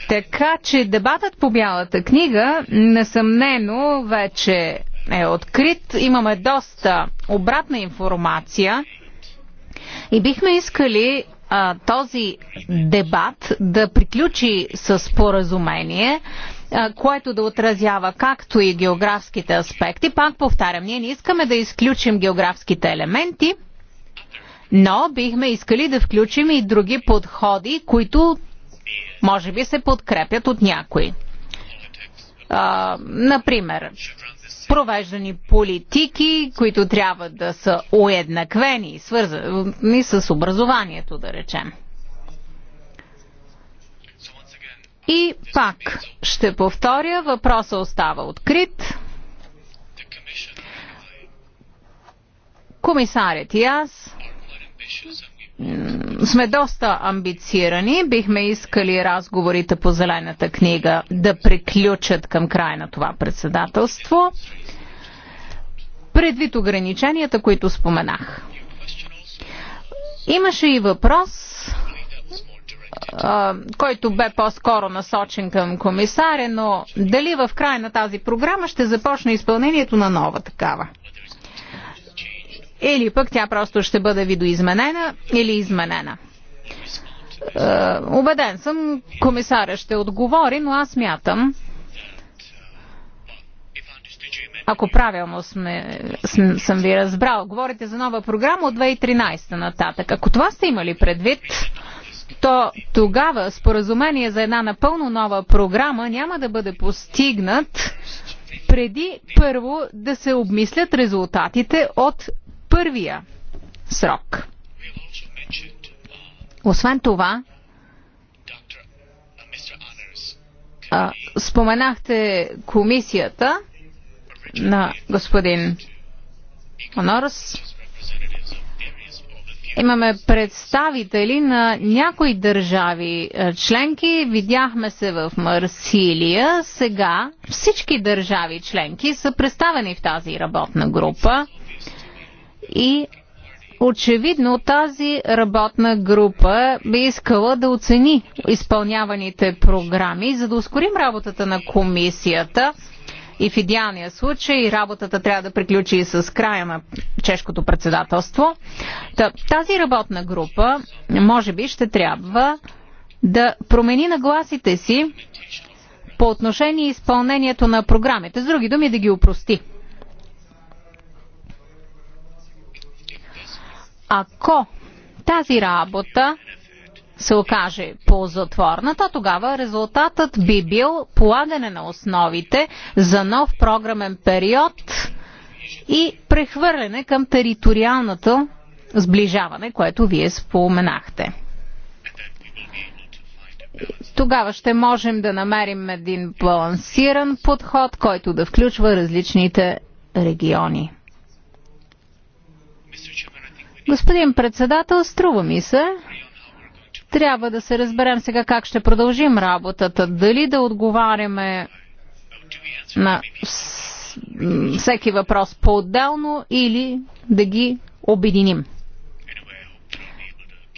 Така че дебатът по Бялата книга, несъмнено, вече е открит. Имаме доста обратна информация и бихме искали а, този дебат да приключи с поразумение което да отразява както и географските аспекти. Пак повтарям, ние не искаме да изключим географските елементи, но бихме искали да включим и други подходи, които може би се подкрепят от някои. А, например, провеждани политики, които трябва да са уеднаквени, свързани с образованието, да речем. И пак ще повторя, въпросът остава открит. Комисарят и аз сме доста амбицирани. Бихме искали разговорите по зелената книга да приключат към края на това председателство. Предвид ограниченията, които споменах. Имаше и въпрос който бе по-скоро насочен към комисаря, но дали в края на тази програма ще започне изпълнението на нова такава? Или пък тя просто ще бъде видоизменена или изменена? Обеден съм, комисаря ще отговори, но аз мятам, ако правилно сме, съм, съм ви разбрал, говорите за нова програма от 2013 нататък. Ако това сте имали предвид, то тогава споразумение за една напълно нова програма няма да бъде постигнат преди първо да се обмислят резултатите от първия срок. Освен това, споменахте комисията на господин Онорс. Имаме представители на някои държави е, членки. Видяхме се в Марсилия. Сега всички държави членки са представени в тази работна група и Очевидно тази работна група би искала да оцени изпълняваните програми, за да ускорим работата на комисията и в идеалния случай работата трябва да приключи и с края на чешкото председателство. Тази работна група може би ще трябва да промени нагласите си по отношение изпълнението на програмите. С други думи да ги упрости. Ако тази работа се окаже ползотворната, тогава резултатът би бил полагане на основите за нов програмен период и прехвърляне към териториалното сближаване, което вие споменахте. Тогава ще можем да намерим един балансиран подход, който да включва различните региони. Господин председател, струва ми се, трябва да се разберем сега как ще продължим работата. Дали да отговаряме на всеки въпрос по-отделно или да ги обединим.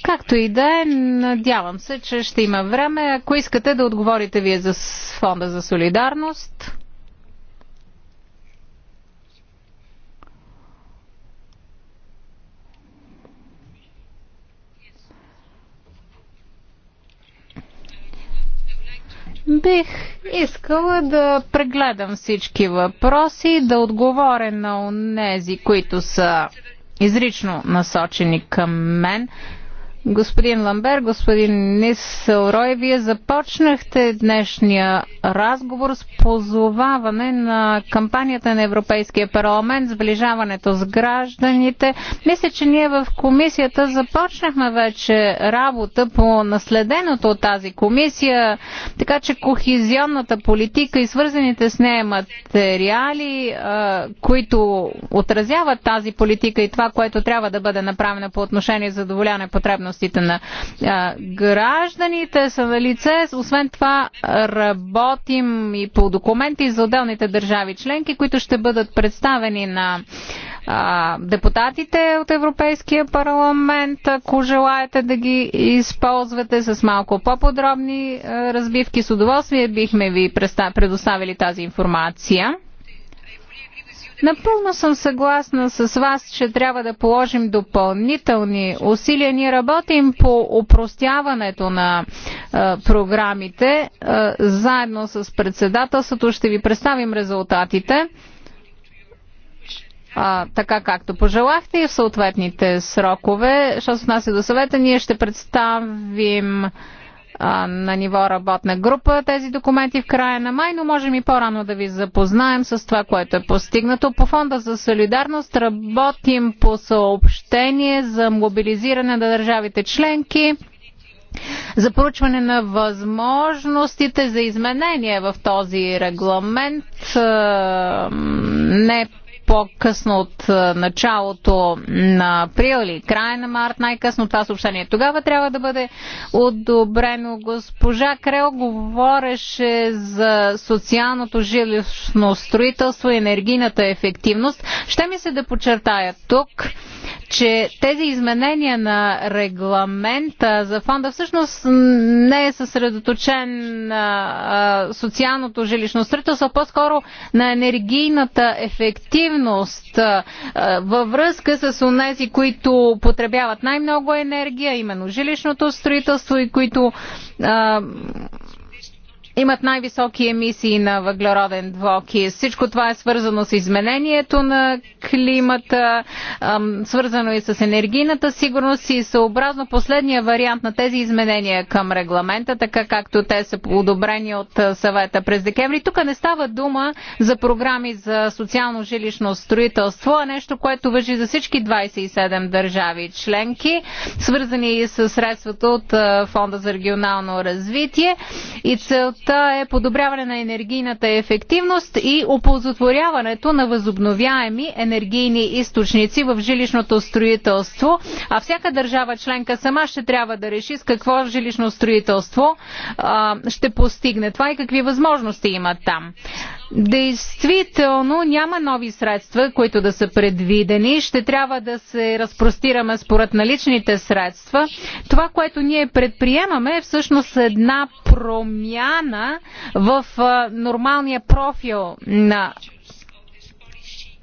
Както и да е, надявам се, че ще има време. Ако искате да отговорите вие за фонда за солидарност. Бих искала да прегледам всички въпроси, да отговоря на онези, които са изрично насочени към мен. Господин Ламбер, господин Нисълрой, вие започнахте днешния разговор с позоваване на кампанията на Европейския парламент, сближаването с гражданите. Мисля, че ние в комисията започнахме вече работа по наследеното от тази комисия, така че кохизионната политика и свързаните с нея материали, които отразяват тази политика и това, което трябва да бъде направено по отношение за доволяне потребност потребностите на а, гражданите са на лице. Освен това работим и по документи за отделните държави членки, които ще бъдат представени на а, депутатите от Европейския парламент, ако желаете да ги използвате с малко по-подробни разбивки. С удоволствие бихме ви предоставили тази информация. Напълно съм съгласна с вас, че трябва да положим допълнителни усилия. Ние работим по упростяването на е, програмите. Е, заедно с председателството ще ви представим резултатите а, е, така както пожелахте и в съответните срокове. Що се отнася до съвета, ние ще представим а, на ниво работна група тези документи в края на май, но можем и по-рано да ви запознаем с това, което е постигнато. По фонда за солидарност работим по съобщение за мобилизиране на държавите членки за поручване на възможностите за изменения в този регламент. Не по-късно от началото на април или края на март, най-късно това съобщение. Тогава трябва да бъде одобрено. Госпожа Крел говореше за социалното жилищно строителство и енергийната ефективност. Ще ми се да подчертая тук, че тези изменения на регламента за фонда всъщност не е съсредоточен на социалното жилищно строителство, по-скоро на енергийната ефективност във връзка с онези, които потребяват най-много енергия, именно жилищното строителство и които имат най-високи емисии на въглероден двокис. Всичко това е свързано с изменението на климата, свързано и с енергийната сигурност и съобразно последния вариант на тези изменения към регламента, така както те са одобрени от съвета през декември. Тук не става дума за програми за социално-жилищно строителство, а нещо, което въжи за всички 27 държави членки, свързани с средствата от Фонда за регионално развитие и целта Целта е подобряване на енергийната ефективност и оползотворяването на възобновяеми енергийни източници в жилищното строителство, а всяка държава членка сама ще трябва да реши с какво жилищно строителство а, ще постигне това и какви възможности има там. Действително няма нови средства, които да са предвидени. Ще трябва да се разпростираме според наличните средства. Това, което ние предприемаме е всъщност една промяна в нормалния профил на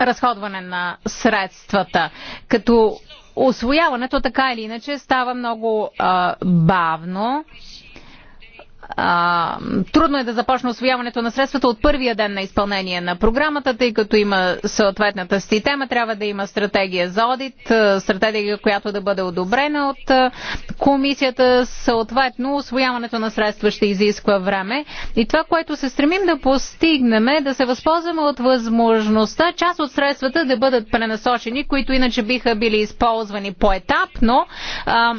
разходване на средствата. Като освояването така или иначе става много а, бавно трудно е да започне освояването на средствата от първия ден на изпълнение на програмата, тъй като има съответната система, трябва да има стратегия за одит, стратегия, която да бъде одобрена от комисията, съответно освояването на средства ще изисква време. И това, което се стремим да постигнем е да се възползваме от възможността част от средствата да бъдат пренасочени, които иначе биха били използвани поетапно,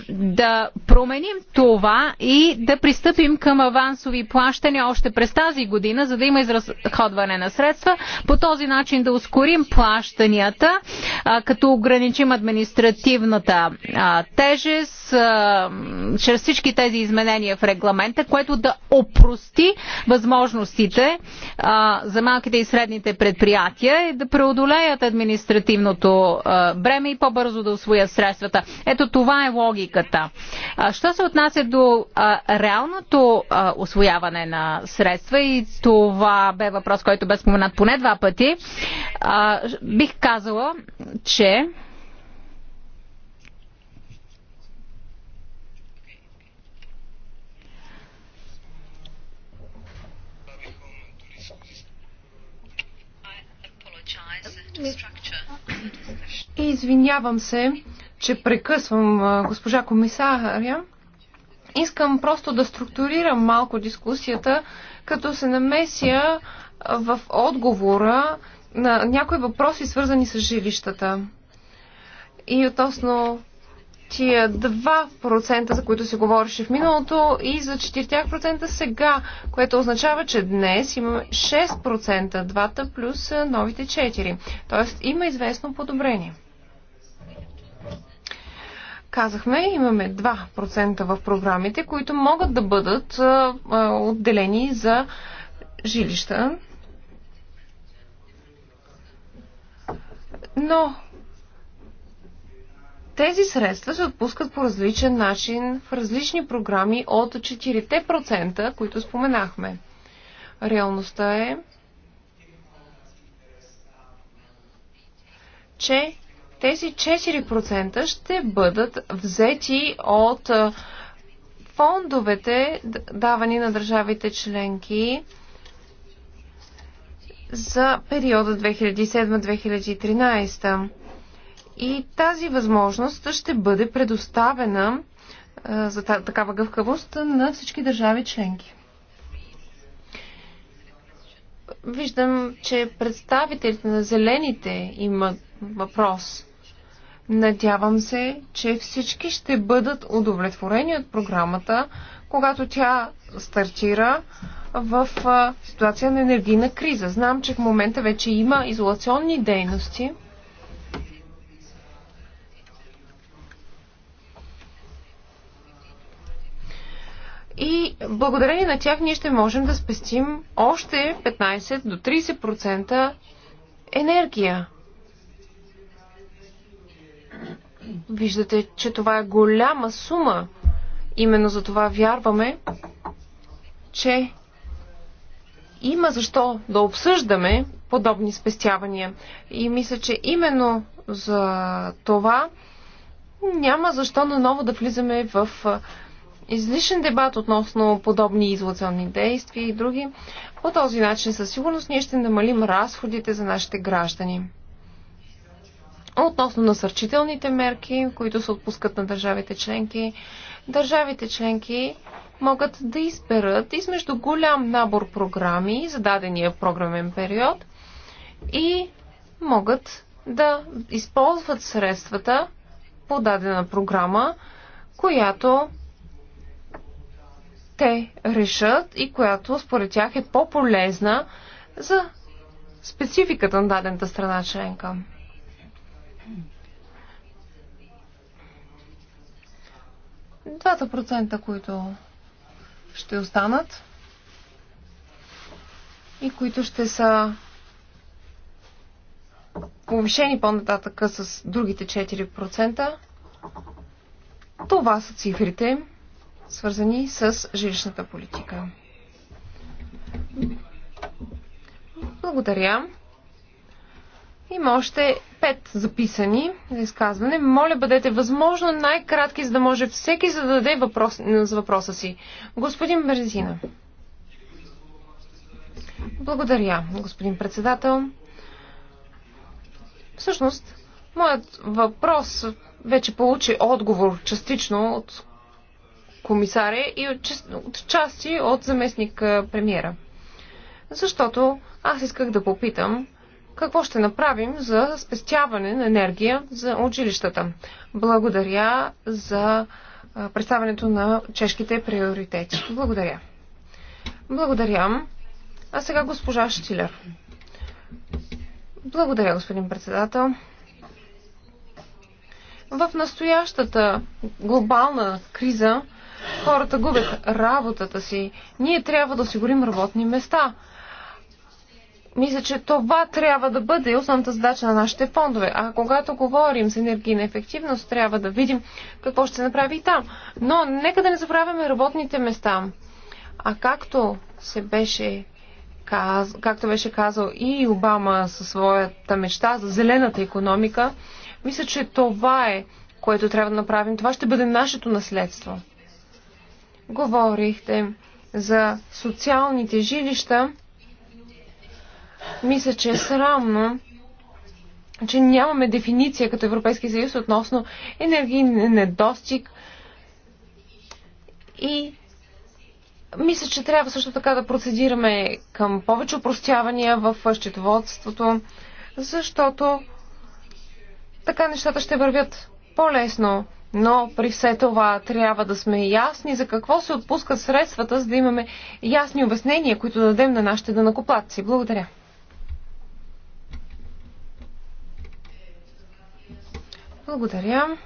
да променим това и да пристъпим към авансови плащания още през тази година, за да има изразходване на средства. По този начин да ускорим плащанията, а, като ограничим административната а, тежест а, чрез всички тези изменения в регламента, което да опрости възможностите а, за малките и средните предприятия и да преодолеят административното а, бреме и по-бързо да освоят средствата. Ето това е логиката. А, що се отнася до а, реалното а, освояване на средства и това бе въпрос, който бе споменат поне два пъти. А, бих казала, че Извинявам се, че прекъсвам госпожа комисаря. Искам просто да структурирам малко дискусията, като се намеся в отговора на някои въпроси, свързани с жилищата. И относно тия 2%, за които се говореше в миналото, и за 4% сега, което означава, че днес имаме 6%, двата плюс новите 4. Тоест има известно подобрение казахме, имаме 2% в програмите, които могат да бъдат отделени за жилища. Но тези средства се отпускат по различен начин в различни програми от 4%, които споменахме. Реалността е, че тези 4% ще бъдат взети от фондовете, давани на държавите членки за периода 2007-2013. И тази възможност ще бъде предоставена за такава гъвкавост на всички държави членки. Виждам, че представителите на зелените имат въпрос. Надявам се, че всички ще бъдат удовлетворени от програмата, когато тя стартира в ситуация на енергийна криза. Знам, че в момента вече има изолационни дейности. И благодарение на тях ние ще можем да спестим още 15 до 30% енергия. Виждате, че това е голяма сума. Именно за това вярваме, че има защо да обсъждаме подобни спестявания. И мисля, че именно за това няма защо наново да влизаме в излишен дебат относно подобни изолационни действия и други. По този начин със сигурност ние ще намалим разходите за нашите граждани. Относно насърчителните мерки, които се отпускат на държавите членки, държавите членки могат да изберат измежду голям набор програми за дадения програмен период и могат да използват средствата по дадена програма, която те решат и която според тях е по-полезна за спецификата на дадената страна членка. Двата процента, които ще останат и които ще са повишени по-нататъка с другите 4%, това са цифрите, свързани с жилищната политика. Благодаря. Има още пет записани за изказване. Моля, бъдете възможно най-кратки, за да може всеки зададе въпрос, за въпроса си. Господин Березина, Благодаря, господин председател. Всъщност, моят въпрос вече получи отговор частично от комисаря и от, от части от заместник премиера. Защото аз исках да попитам какво ще направим за спестяване на енергия за училищата. Благодаря за представянето на чешките приоритети. Благодаря. Благодаря. А сега госпожа Штилер. Благодаря, господин председател. В настоящата глобална криза хората губят работата си. Ние трябва да осигурим работни места мисля, че това трябва да бъде основната задача на нашите фондове. А когато говорим за енергийна ефективност, трябва да видим какво ще се направи и там. Но нека да не забравяме работните места. А както се беше каз... както беше казал и Обама със своята мечта за зелената економика, мисля, че това е, което трябва да направим. Това ще бъде нашето наследство. Говорихте за социалните жилища мисля, че е срамно, че нямаме дефиниция като Европейски съюз относно енергийен недостиг и мисля, че трябва също така да процедираме към повече упростявания в счетоводството, защото така нещата ще вървят по-лесно. Но при все това трябва да сме ясни за какво се отпускат средствата, за да имаме ясни обяснения, които да дадем на нашите данакоплатци. Благодаря. Благодаря.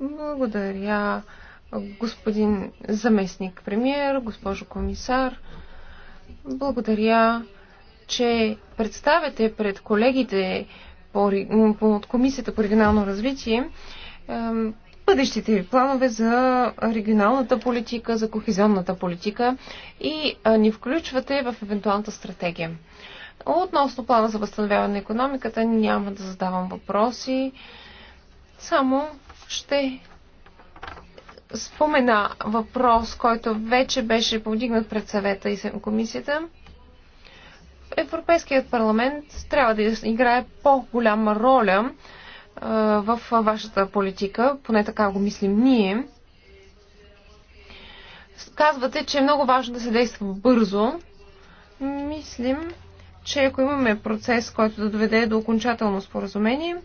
Благодаря, господин заместник премьер, госпожо комисар. Благодаря, че представяте пред колегите по, от Комисията по регионално развитие бъдещите ви планове за регионалната политика, за кохезионната политика и ни включвате в евентуалната стратегия. Относно плана за възстановяване на економиката няма да задавам въпроси, само ще спомена въпрос, който вече беше повдигнат пред съвета и комисията. Европейският парламент трябва да играе по-голяма роля в вашата политика, поне така го мислим ние. Казвате, че е много важно да се действа бързо. Мислим, че ако имаме процес, който да доведе до окончателно споразумение,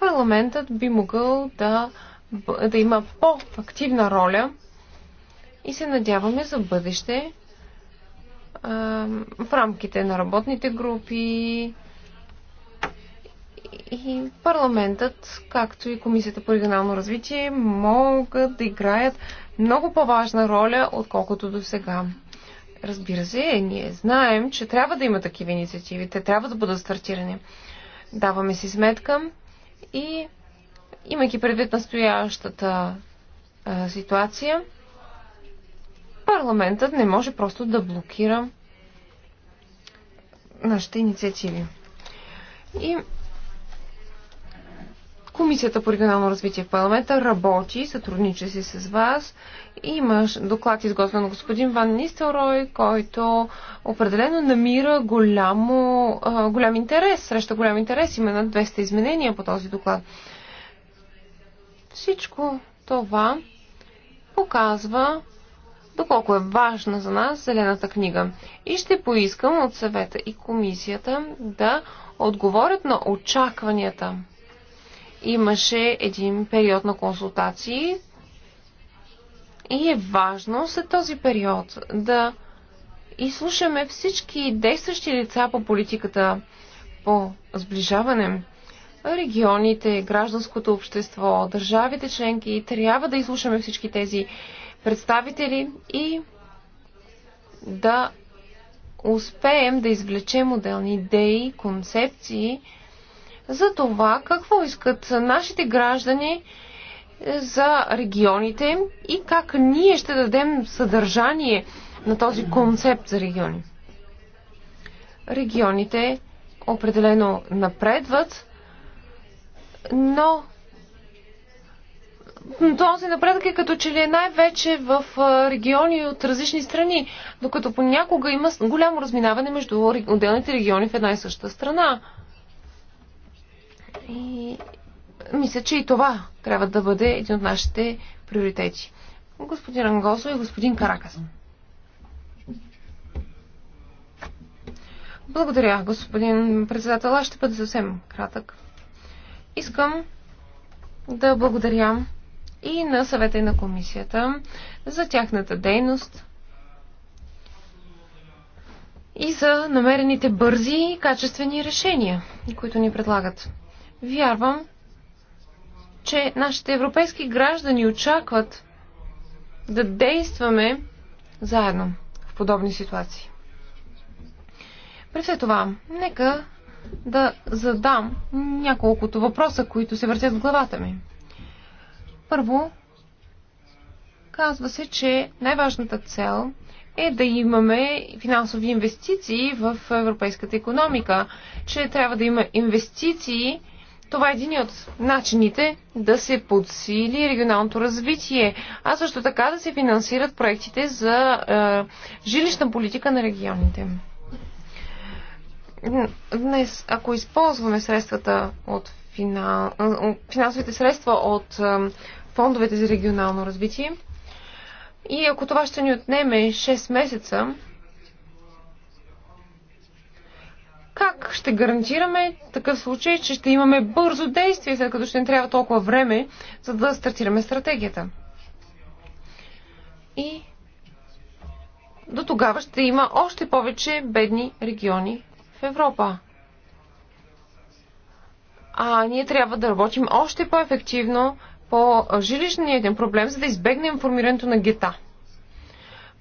парламентът би могъл да, да има по-активна роля и се надяваме за бъдеще а, в рамките на работните групи и парламентът, както и Комисията по регионално развитие могат да играят много по-важна роля, отколкото до сега разбира се, ние знаем, че трябва да има такива инициативи. Те трябва да бъдат стартирани. Даваме си сметка и имайки предвид настоящата а, ситуация, парламентът не може просто да блокира нашите инициативи. И Комисията по регионално развитие в парламента работи, сътрудничи си с вас. Имаш доклад изготвен от господин Ван Нистелрой, който определено намира голямо, голям интерес, среща голям интерес, има над 200 изменения по този доклад. Всичко това показва доколко е важна за нас Зелената книга. И ще поискам от съвета и комисията да отговорят на очакванията имаше един период на консултации и е важно след този период да изслушаме всички действащи лица по политиката по сближаване. Регионите, гражданското общество, държавите членки, трябва да изслушаме всички тези представители и да успеем да извлечем отделни идеи, концепции, за това какво искат нашите граждани за регионите и как ние ще дадем съдържание на този концепт за региони. Регионите определено напредват, но този напредък е като че ли е най-вече в региони от различни страни, докато понякога има голямо разминаване между отделните региони в една и съща страна. И мисля, че и това трябва да бъде един от нашите приоритети. Господин Рангосо и господин Каракас. Благодаря, господин председател. Аз ще бъда съвсем кратък. Искам да благодаря и на съвета и на комисията за тяхната дейност и за намерените бързи и качествени решения, които ни предлагат. Вярвам, че нашите европейски граждани очакват да действаме заедно в подобни ситуации. При все това, нека да задам няколкото въпроса, които се въртят в главата ми. Първо, казва се, че най-важната цел е да имаме финансови инвестиции в европейската економика, че трябва да има инвестиции това е един от начините да се подсили регионалното развитие, а също така да се финансират проектите за е, жилищна политика на регионите. Днес, ако използваме средствата от финал... Е, финансовите средства от е, фондовете за регионално развитие, и ако това ще ни отнеме 6 месеца, Как ще гарантираме такъв случай, че ще имаме бързо действие, след като ще не трябва толкова време, за да стартираме стратегията? И до тогава ще има още повече бедни региони в Европа. А ние трябва да работим още по-ефективно по жилищният им проблем, за да избегнем формирането на гета.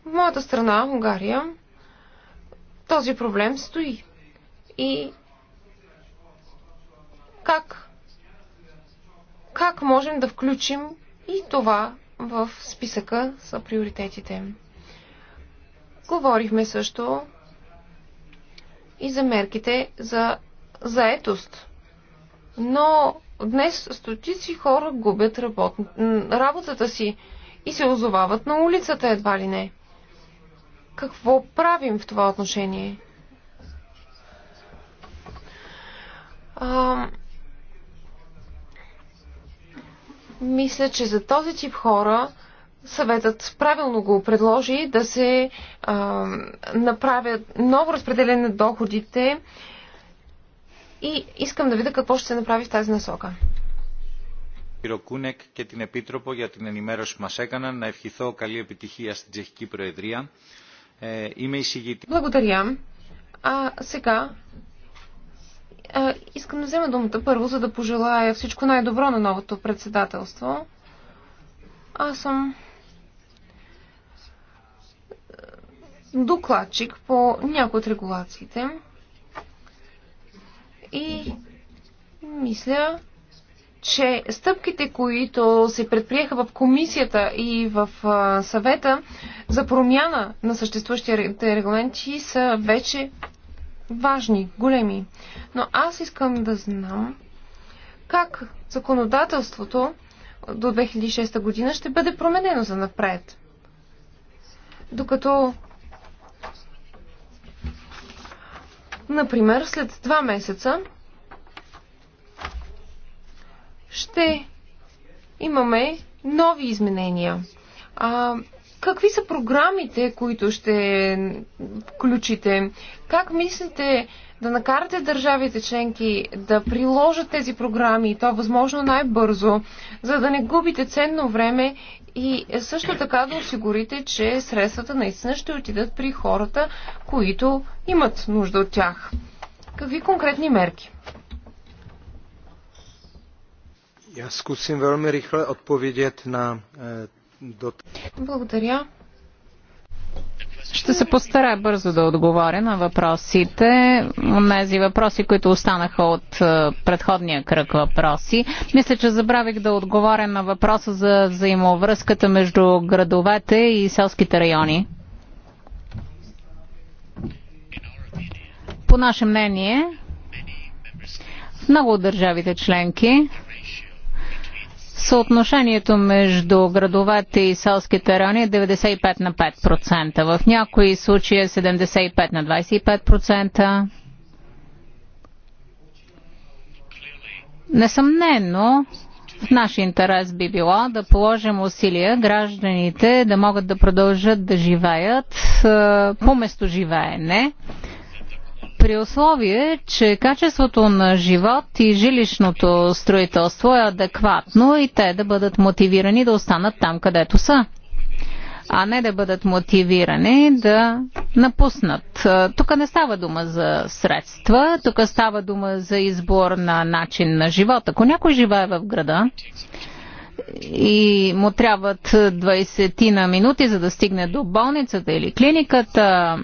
В моята страна, Унгария, този проблем стои. И как, как можем да включим и това в списъка са приоритетите. Говорихме също и за мерките за заетост. Но днес стотици хора губят работ... работата си и се озовават на улицата едва ли не. Какво правим в това отношение? А, мисля, че за този тип хора съветът правилно го предложи да се а, направят ново разпределение на доходите и искам да видя какво ще се направи в тази насока. Кунек Κούνεκ και την Επίτροπο για την ενημέρωση που μας έκαναν. Να ευχηθώ καλή επιτυχία στην Τσεχική Προεδρία. Ε, είμαι εισηγητή. Благодаря. А сега искам да взема думата първо, за да пожелая всичко най-добро на новото председателство. Аз съм докладчик по някои от регулациите и мисля, че стъпките, които се предприеха в комисията и в съвета за промяна на съществуващите регламенти са вече важни, големи. Но аз искам да знам как законодателството до 2006 година ще бъде променено за напред. Докато, например, след два месеца ще имаме нови изменения. А, какви са програмите, които ще включите? Как мислите да накарате държавите членки да приложат тези програми и то е възможно най-бързо, за да не губите ценно време и също така да осигурите, че средствата наистина ще отидат при хората, които имат нужда от тях. Какви конкретни мерки? Я скусим velmi rychle отповедят на Благодаря. Ще се постарая бързо да отговоря на въпросите. Нези въпроси, които останаха от е, предходния кръг въпроси. Мисля, че забравих да отговоря на въпроса за взаимовръзката между градовете и селските райони. По наше мнение, много от държавите членки Съотношението между градовете и селските райони е 95 на 5%. В някои случаи е 75 на 25%. Несъмнено, в наш интерес би било да положим усилия гражданите да могат да продължат да живеят по местоживеене. живеене при условие, че качеството на живот и жилищното строителство е адекватно и те да бъдат мотивирани да останат там, където са а не да бъдат мотивирани да напуснат. Тук не става дума за средства, тук става дума за избор на начин на живот. Ако някой живее в града, и му трябват 20 на минути, за да стигне до болницата или клиниката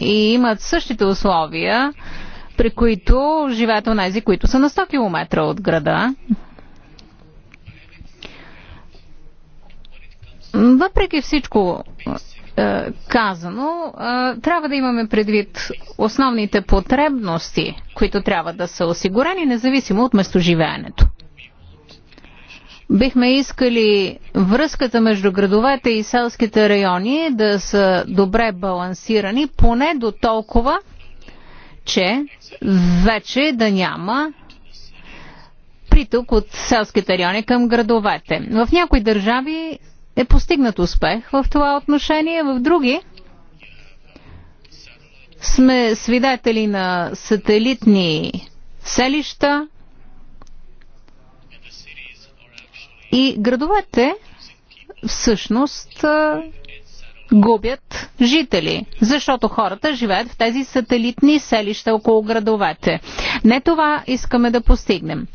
и имат същите условия, при които живеят онези, които са на 100 км от града. Въпреки всичко е, казано, е, трябва да имаме предвид основните потребности, които трябва да са осигурени, независимо от местоживеенето. Бихме искали връзката между градовете и селските райони да са добре балансирани, поне до толкова, че вече да няма приток от селските райони към градовете. В някои държави е постигнат успех в това отношение, в други сме свидетели на сателитни селища, И градовете всъщност губят жители, защото хората живеят в тези сателитни селища около градовете. Не това искаме да постигнем.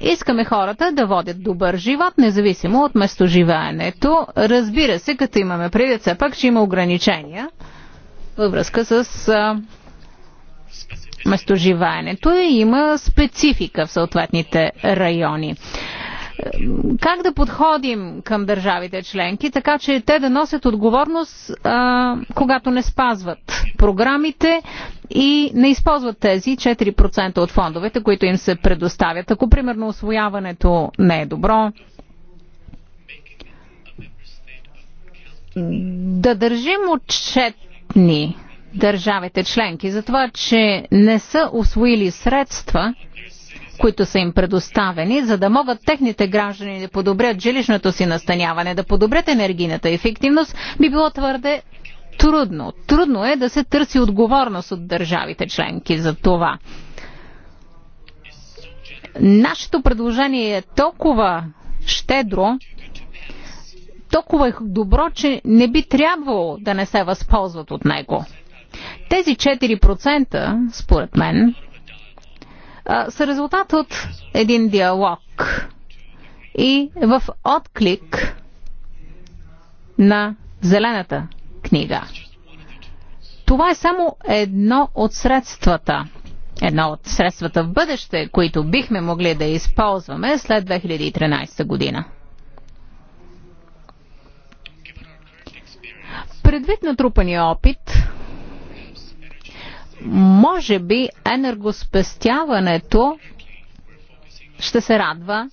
Искаме хората да водят добър живот, независимо от местоживеенето. Разбира се, като имаме предвид все пак, че има ограничения във връзка с местоживеенето и има специфика в съответните райони как да подходим към държавите членки, така че те да носят отговорност, а, когато не спазват програмите и не използват тези 4% от фондовете, които им се предоставят. Ако, примерно, освояването не е добро, да държим отчетни държавите членки за това, че не са освоили средства, които са им предоставени, за да могат техните граждани да подобрят жилищното си настаняване, да подобрят енергийната ефективност, би било твърде трудно. Трудно е да се търси отговорност от държавите членки за това. Нашето предложение е толкова щедро, толкова е добро, че не би трябвало да не се възползват от него. Тези 4%, според мен, са резултат от един диалог и в отклик на зелената книга. Това е само едно от средствата. Едно от средствата в бъдеще, които бихме могли да използваме след 2013 година. Предвид натрупания опит, може би енергоспестяването ще се радва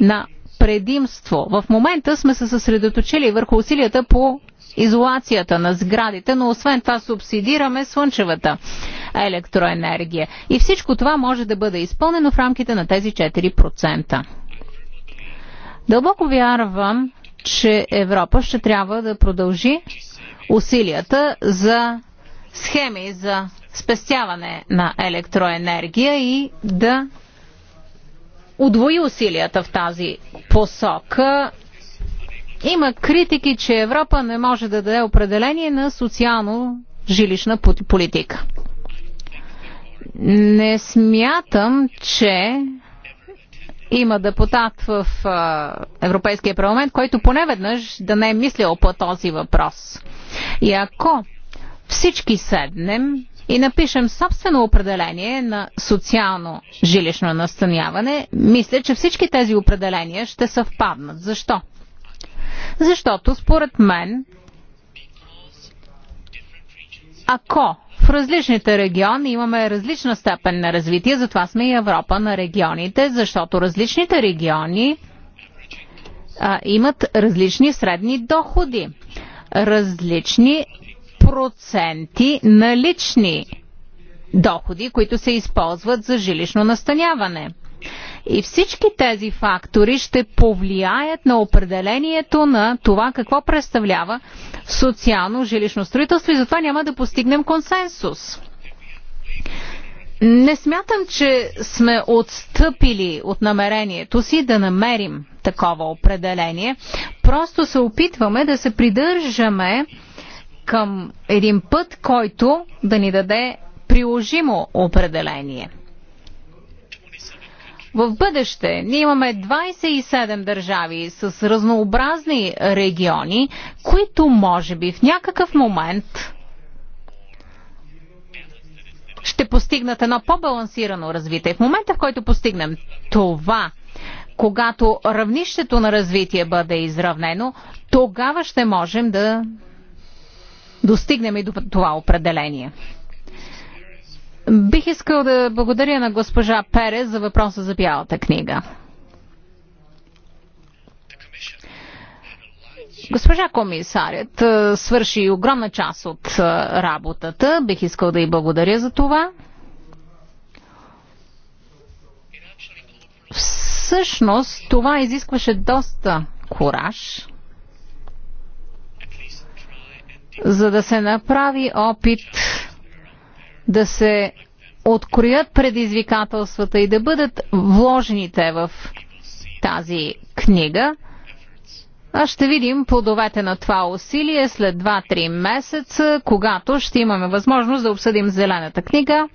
на предимство. В момента сме се съсредоточили върху усилията по изолацията на сградите, но освен това субсидираме слънчевата електроенергия. И всичко това може да бъде изпълнено в рамките на тези 4%. Дълбоко вярвам, че Европа ще трябва да продължи усилията за схеми за спестяване на електроенергия и да удвои усилията в тази посока. Има критики, че Европа не може да даде определение на социално жилищна политика. Не смятам, че има депутат в Европейския парламент, който поне веднъж да не е мислил по този въпрос. И ако всички седнем и напишем собствено определение на социално жилищно настаняване, мисля, че всички тези определения ще съвпаднат. Защо? Защото според мен, ако в различните региони имаме различна степен на развитие, затова сме и Европа на регионите, защото различните региони а, имат различни средни доходи, различни проценти налични доходи, които се използват за жилищно настаняване. И всички тези фактори ще повлияят на определението на това какво представлява социално жилищно строителство и затова няма да постигнем консенсус. Не смятам, че сме отстъпили от намерението си да намерим такова определение. Просто се опитваме да се придържаме към един път, който да ни даде приложимо определение. В бъдеще ние имаме 27 държави с разнообразни региони, които може би в някакъв момент ще постигнат едно по-балансирано развитие. В момента, в който постигнем това, когато равнището на развитие бъде изравнено, тогава ще можем да достигнем и до това определение. Бих искал да благодаря на госпожа Перес за въпроса за бялата книга. Госпожа комисарят свърши огромна част от работата. Бих искал да й благодаря за това. Всъщност това изискваше доста кураж за да се направи опит да се откроят предизвикателствата и да бъдат вложените в тази книга. А ще видим плодовете на това усилие след 2-3 месеца, когато ще имаме възможност да обсъдим зелената книга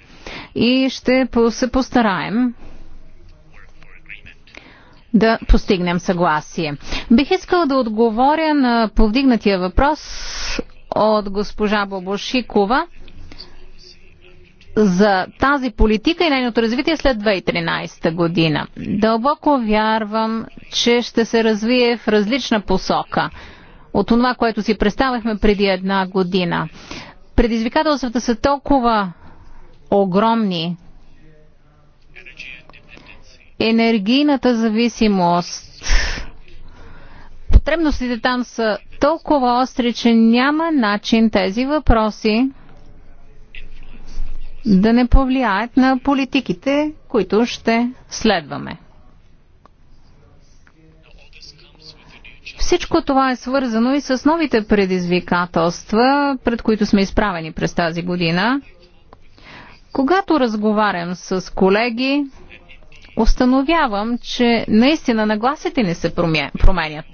и ще се постараем да постигнем съгласие. Бих искал да отговоря на повдигнатия въпрос от госпожа Бобошикова за тази политика и нейното развитие след 2013 година. Дълбоко вярвам, че ще се развие в различна посока от това, което си представяхме преди една година. Предизвикателствата са толкова огромни. Енергийната зависимост потребностите там са толкова остри, че няма начин тези въпроси да не повлияят на политиките, които ще следваме. Всичко това е свързано и с новите предизвикателства, пред които сме изправени през тази година. Когато разговарям с колеги, установявам, че наистина нагласите ни се променят.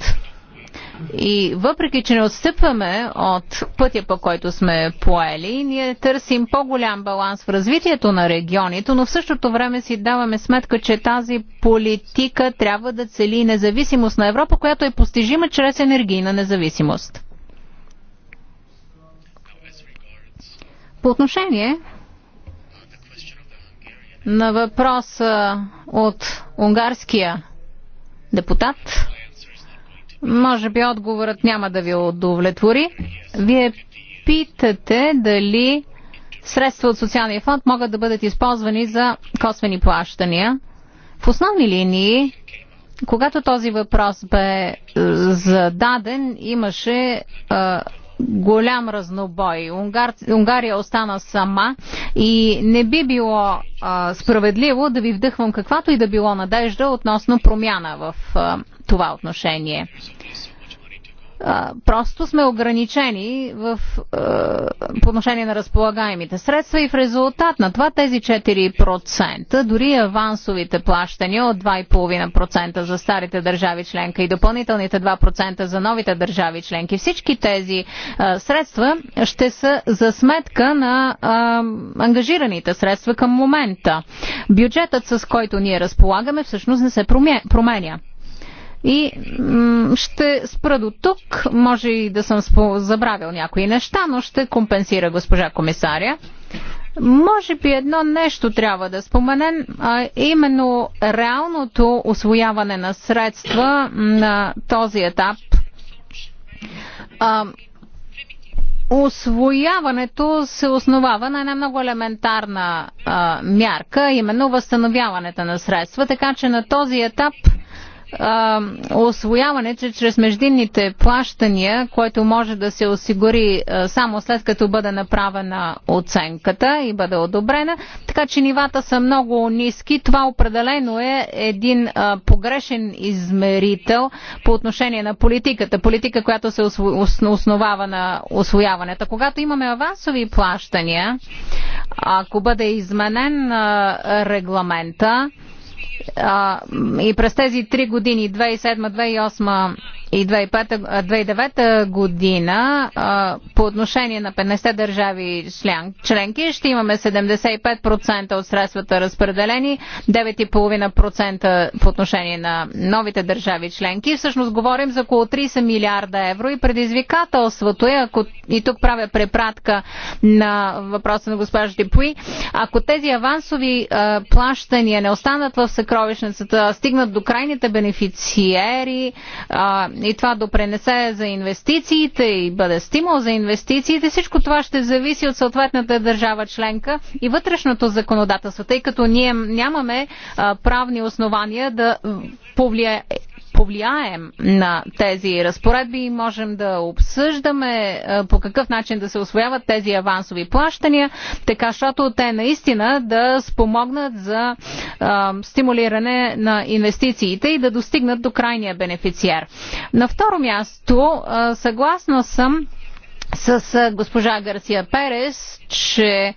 И въпреки, че не отстъпваме от пътя, по който сме поели, ние търсим по-голям баланс в развитието на регионите, но в същото време си даваме сметка, че тази политика трябва да цели независимост на Европа, която е постижима чрез енергийна независимост. По отношение на въпроса от унгарския депутат, може би отговорът няма да ви удовлетвори. Вие питате дали средства от социалния фонд могат да бъдат използвани за косвени плащания. В основни линии, когато този въпрос бе е, зададен, имаше а, е, голям разнобой. Унгар, Унгария остана сама и не би било а, е, справедливо да ви вдъхвам каквато и да било надежда относно промяна в а, това отношение. Просто сме ограничени в, по отношение на разполагаемите средства и в резултат на това тези 4%, дори авансовите плащания от 2,5% за старите държави членка и допълнителните 2% за новите държави членки, всички тези средства ще са за сметка на ангажираните средства към момента. Бюджетът, с който ние разполагаме, всъщност не се променя. И ще спра до тук. Може и да съм забравил някои неща, но ще компенсира госпожа комисаря. Може би едно нещо трябва да споменем, а именно реалното освояване на средства на този етап. А, освояването се основава на една много елементарна а, мярка, именно възстановяването на средства, така че на този етап а, освояването чрез междинните плащания, което може да се осигури само след като бъде направена оценката и бъде одобрена. Така че нивата са много ниски. Това определено е един погрешен измерител по отношение на политиката. Политика, която се основава на освояването. Когато имаме авансови плащания, ако бъде изменен регламента, а, и през тези три години, 2007-2008 и 2009 година по отношение на 50 държави членки ще имаме 75% от средствата разпределени, 9,5% по отношение на новите държави членки. Всъщност говорим за около 30 милиарда евро и предизвикателството е, ако и тук правя препратка на въпроса на госпожа Дипуи, ако тези авансови плащания не останат в съкровищницата, стигнат до крайните бенефициери, и това допренесе за инвестициите и бъде стимул за инвестициите, всичко това ще зависи от съответната държава членка и вътрешното законодателство, тъй като ние нямаме а, правни основания да повлияем повлияем на тези разпоредби и можем да обсъждаме по какъв начин да се освояват тези авансови плащания, така защото те наистина да спомогнат за стимулиране на инвестициите и да достигнат до крайния бенефициар. На второ място, съгласна съм с госпожа Гарсия Перес, че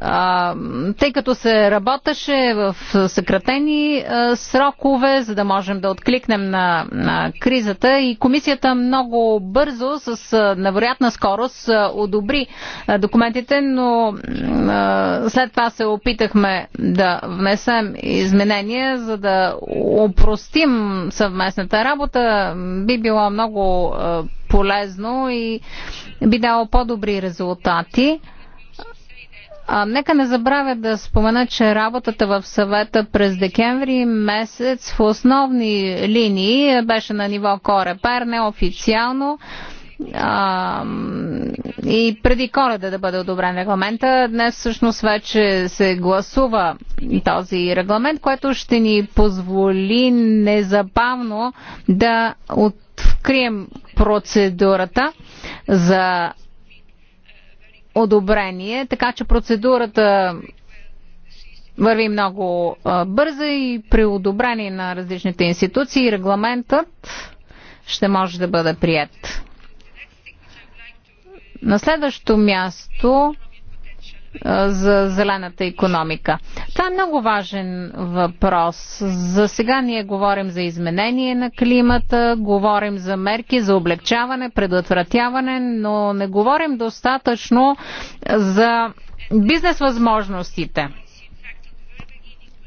а, тъй като се работеше в съкратени а, срокове, за да можем да откликнем на, на кризата и комисията много бързо, с а, невероятна скорост, а, одобри а, документите, но а, след това се опитахме да внесем изменения, за да упростим съвместната работа. Би било много а, полезно и би дало по-добри резултати. А, нека не забравя да спомена, че работата в съвета през декември месец в основни линии беше на ниво Корепер, неофициално а, и преди коледа да бъде одобрен регламента. Днес всъщност вече се гласува този регламент, което ще ни позволи незабавно да открием процедурата за одобрение, така че процедурата върви много бърза и при одобрение на различните институции регламентът ще може да бъде прият. На следващото място за зелената економика. Това е много важен въпрос. За сега ние говорим за изменение на климата, говорим за мерки за облегчаване, предотвратяване, но не говорим достатъчно за бизнес възможностите.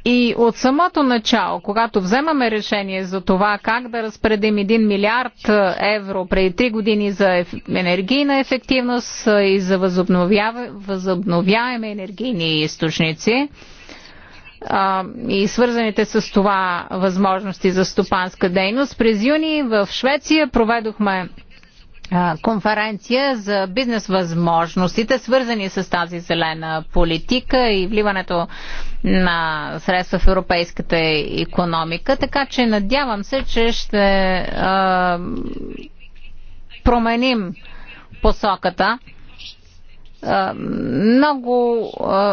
И от самото начало, когато вземаме решение за това как да разпределим 1 милиард е, евро преди 3 години за енергийна ефективност е, и за възобновяеме възобновяеми енергийни източници, е, и свързаните с това възможности за стопанска дейност. През юни в Швеция проведохме конференция за бизнес възможностите, свързани с тази зелена политика и вливането на средства в европейската економика. Така че надявам се, че ще а, променим посоката много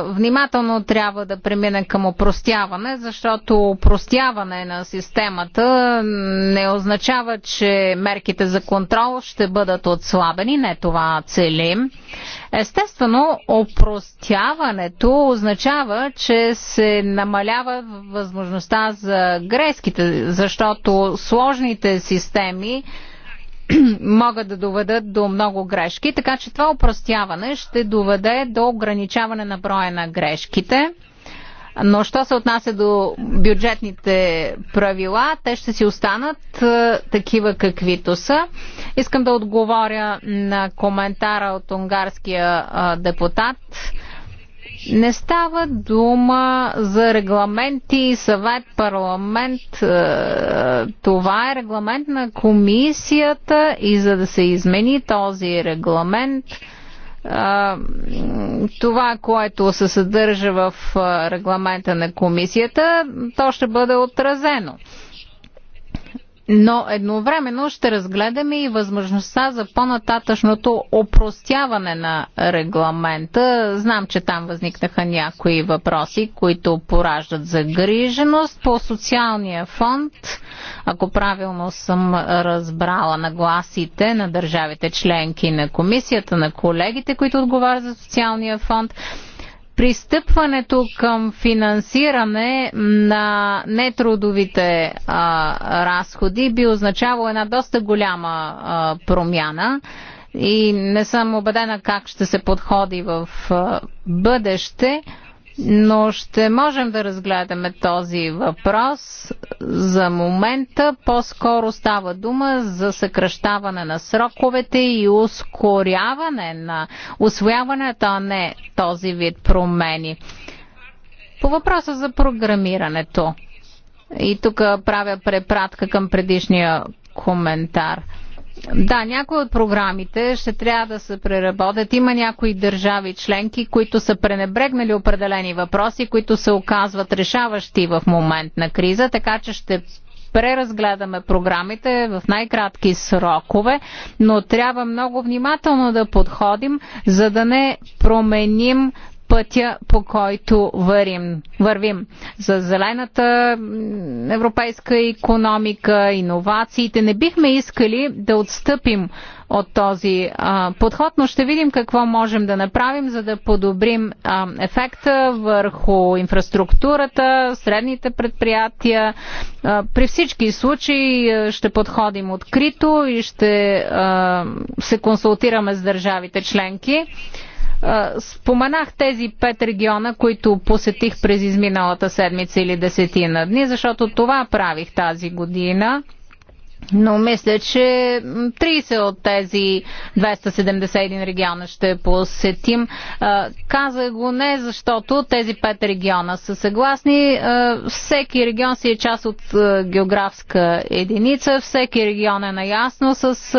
внимателно трябва да преминем към опростяване, защото опростяване на системата не означава, че мерките за контрол ще бъдат отслабени. Не това целим. Естествено, опростяването означава, че се намалява възможността за грешките, защото сложните системи могат да доведат до много грешки, така че това упростяване ще доведе до ограничаване на броя на грешките. Но що се отнася до бюджетните правила, те ще си останат е, такива каквито са. Искам да отговоря на коментара от унгарския е, депутат не става дума за регламенти, съвет, парламент. Е, това е регламент на комисията и за да се измени този регламент, е, това, което се съдържа в е, регламента на комисията, то ще бъде отразено но едновременно ще разгледаме и възможността за по-нататъчното опростяване на регламента. Знам, че там възникнаха някои въпроси, които пораждат загриженост. По социалния фонд, ако правилно съм разбрала нагласите на държавите членки на комисията, на колегите, които отговарят за социалния фонд, пристъпването към финансиране на нетрудовите а, разходи би означавало една доста голяма а, промяна и не съм убедена как ще се подходи в а, бъдеще но ще можем да разгледаме този въпрос. За момента по-скоро става дума за съкръщаване на сроковете и ускоряване на освояването, а не този вид промени. По въпроса за програмирането. И тук правя препратка към предишния коментар – да, някои от програмите ще трябва да се преработят. Има някои държави членки, които са пренебрегнали определени въпроси, които се оказват решаващи в момент на криза, така че ще преразгледаме програмите в най-кратки срокове, но трябва много внимателно да подходим, за да не променим пътя, по който вървим. вървим. За зелената европейска економика, иновациите, не бихме искали да отстъпим от този а, подход, но ще видим какво можем да направим, за да подобрим а, ефекта върху инфраструктурата, средните предприятия. А, при всички случаи а, ще подходим открито и ще а, се консултираме с държавите членки. Споменах тези пет региона, които посетих през изминалата седмица или десетина дни, защото това правих тази година. Но мисля, че 30 от тези 271 региона ще посетим. Казах го не, защото тези 5 региона са съгласни. Всеки регион си е част от географска единица. Всеки регион е наясно с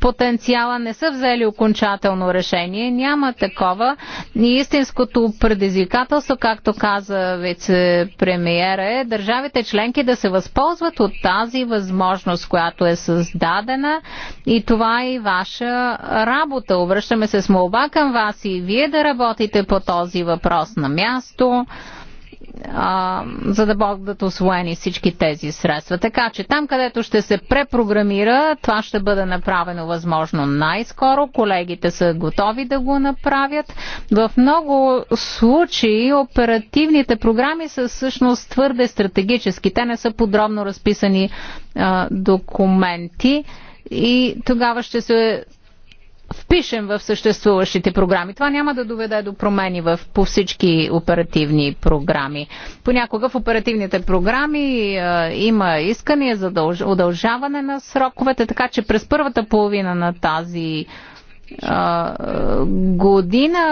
потенциала не са взели окончателно решение. Няма такова. И истинското предизвикателство, както каза вице-премиера, е държавите членки да се възползват от тази възможност, която е създадена. И това е и ваша работа. Обръщаме се с молба към вас и вие да работите по този въпрос на място а, за да бъдат освоени всички тези средства. Така че там, където ще се препрограмира, това ще бъде направено възможно най-скоро. Колегите са готови да го направят. В много случаи оперативните програми са всъщност твърде стратегически. Те не са подробно разписани а, документи и тогава ще се впишем в съществуващите програми. Това няма да доведе до промени в, по всички оперативни програми. Понякога в оперативните програми а, има искания за дълж, удължаване на сроковете, така че през първата половина на тази а, година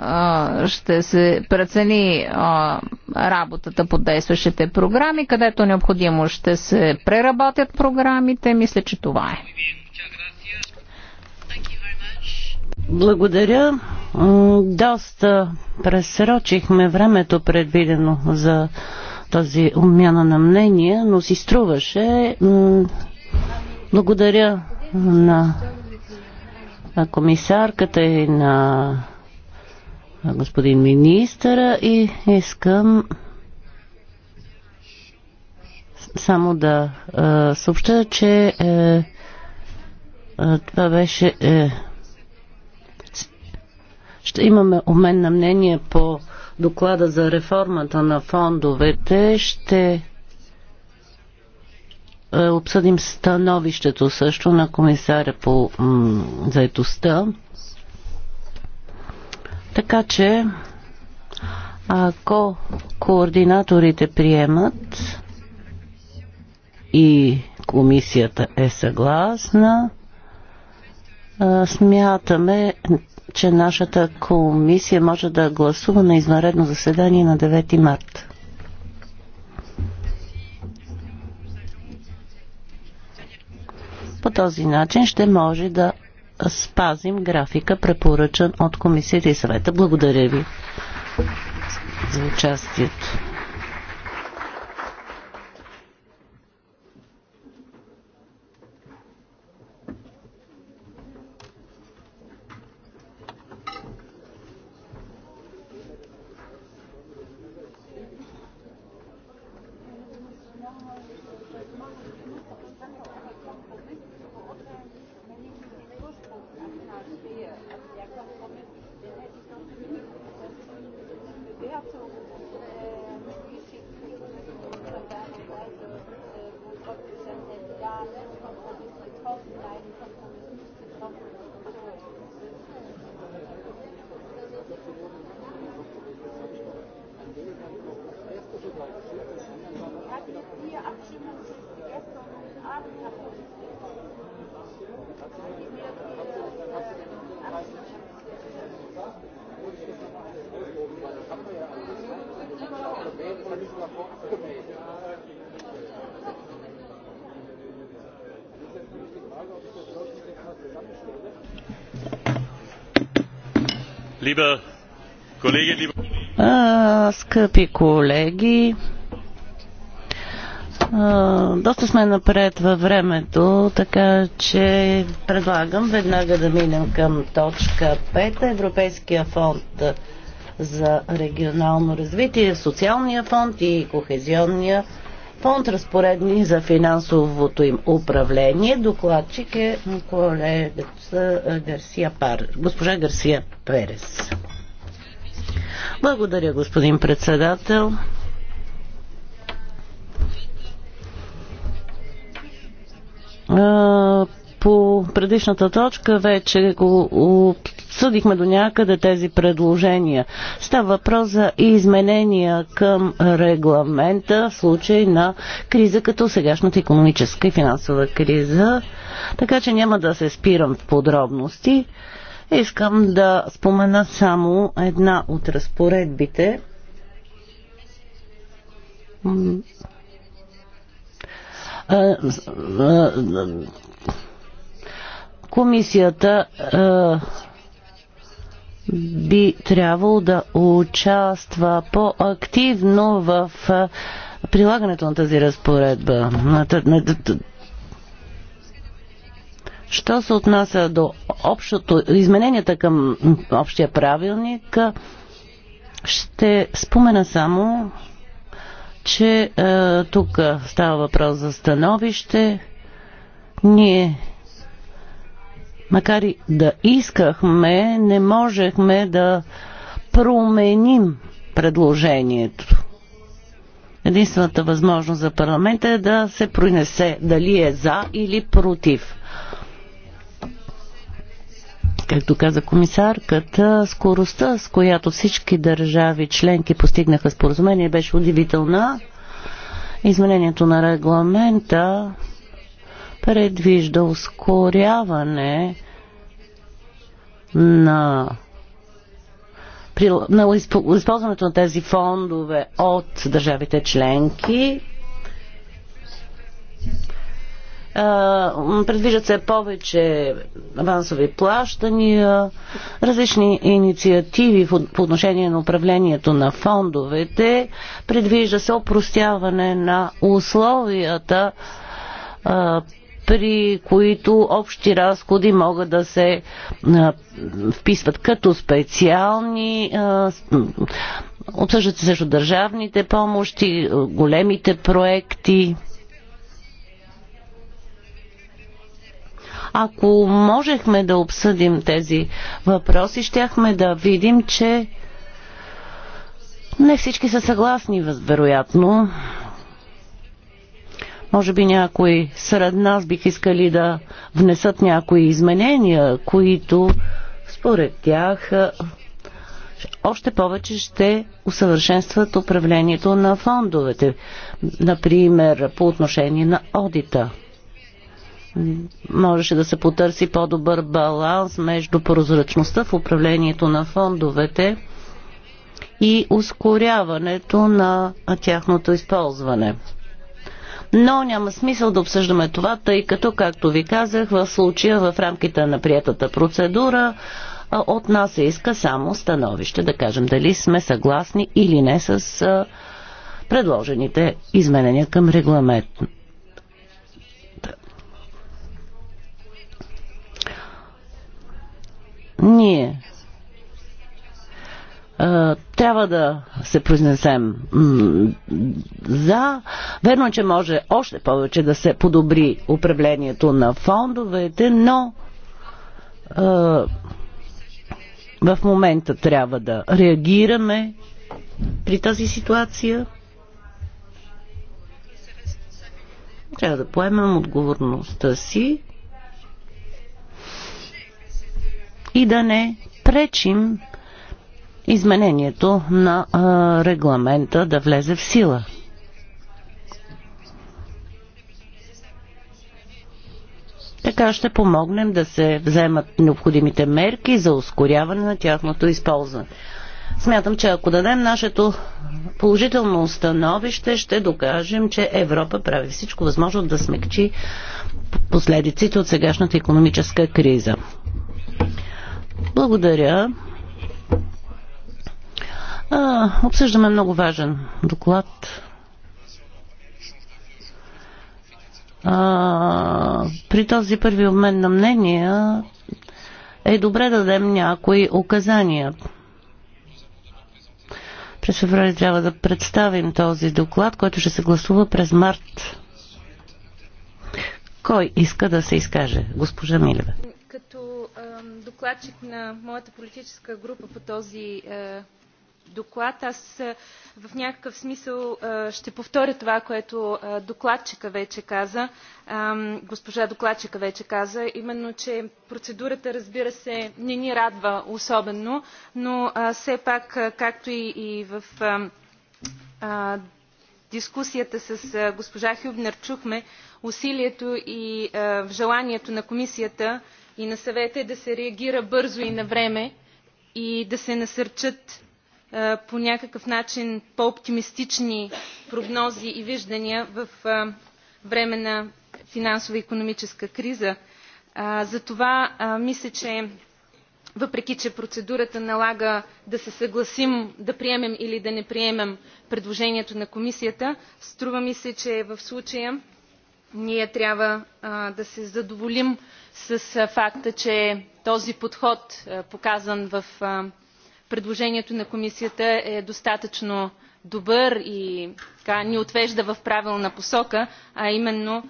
а, ще се прецени а, работата по действащите програми, където е необходимо ще се преработят програмите. Мисля, че това е. Благодаря. Доста пресрочихме времето предвидено за тази обмяна на мнения, но си струваше. Благодаря на комисарката и на господин министъра и искам само да съобща, че е, това беше е, ще имаме обмен на мнение по доклада за реформата на фондовете. Ще е, обсъдим становището също на комисаря по заедостта. Така че, ако координаторите приемат и комисията е съгласна, е, смятаме, че нашата комисия може да гласува на извънредно заседание на 9 март. По този начин ще може да спазим графика, препоръчан от комисията и съвета. Благодаря ви за участието. Скъпи колеги, доста сме напред във времето, така че предлагам веднага да минем към точка 5. Европейския фонд за регионално развитие, социалния фонд и кохезионния фонд, разпоредни за финансовото им управление. Докладчик е колегата Гарсия Пар, госпожа Гарсия Перес. Благодаря, господин председател. По предишната точка вече го обсъдихме до някъде тези предложения. Става въпрос за изменения към регламента в случай на криза като сегашната економическа и финансова криза, така че няма да се спирам в подробности. Искам да спомена само една от разпоредбите. Комисията би трябвало да участва по-активно в прилагането на тази разпоредба. Що се отнася до общото, измененията към общия правилник, ще спомена само, че е, тук става въпрос за становище. Ние, макар и да искахме, не можехме да променим предложението. Единствената възможност за парламента е да се произнесе дали е за или против. Както каза комисарката, скоростта, с която всички държави членки постигнаха споразумение, беше удивителна. Изменението на регламента предвижда ускоряване на на използването на тези фондове от държавите членки Предвиждат се повече авансови плащания, различни инициативи по отношение на управлението на фондовете. Предвижда се опростяване на условията при които общи разходи могат да се вписват като специални. Обсъждат се също държавните помощи, големите проекти. Ако можехме да обсъдим тези въпроси, щяхме да видим, че не всички са съгласни, вероятно. Може би някои сред нас бих искали да внесат някои изменения, които според тях още повече ще усъвършенстват управлението на фондовете, например по отношение на одита можеше да се потърси по-добър баланс между прозрачността в управлението на фондовете и ускоряването на тяхното използване. Но няма смисъл да обсъждаме това, тъй като, както ви казах, в случая в рамките на приятата процедура от нас се иска само становище, да кажем дали сме съгласни или не с предложените изменения към регламент. Ние трябва да се произнесем за. Верно е, че може още повече да се подобри управлението на фондовете, но в момента трябва да реагираме при тази ситуация. Трябва да поемем отговорността си и да не пречим изменението на а, регламента да влезе в сила. Така ще помогнем да се вземат необходимите мерки за ускоряване на тяхното използване. Смятам, че ако дадем нашето положително установище, ще докажем, че Европа прави всичко възможно да смекчи последиците от сегашната економическа криза. Благодаря. А, обсъждаме много важен доклад. А, при този първи обмен на мнения е добре да дадем някои указания. През феврали трябва да представим този доклад, който ще се гласува през март. Кой иска да се изкаже? Госпожа Милева докладчик на моята политическа група по този е, доклад. Аз е, в някакъв смисъл е, ще повторя това, което е, докладчика вече каза, е, госпожа докладчика вече каза, именно, че процедурата, разбира се, не ни радва особено, но е, все пак, е, както и, и в е, е, дискусията с е, госпожа Хюбнер чухме, усилието и е, желанието на комисията и на съвета е да се реагира бързо и на време и да се насърчат е, по някакъв начин по-оптимистични прогнози и виждания в е, време на финансова и економическа криза. Е, Затова мисля, че въпреки, че процедурата налага да се съгласим да приемем или да не приемем предложението на комисията, струва ми се, че в случая ние трябва да се задоволим с факта че този подход показан в предложението на комисията е достатъчно добър и ни отвежда в правилна посока а именно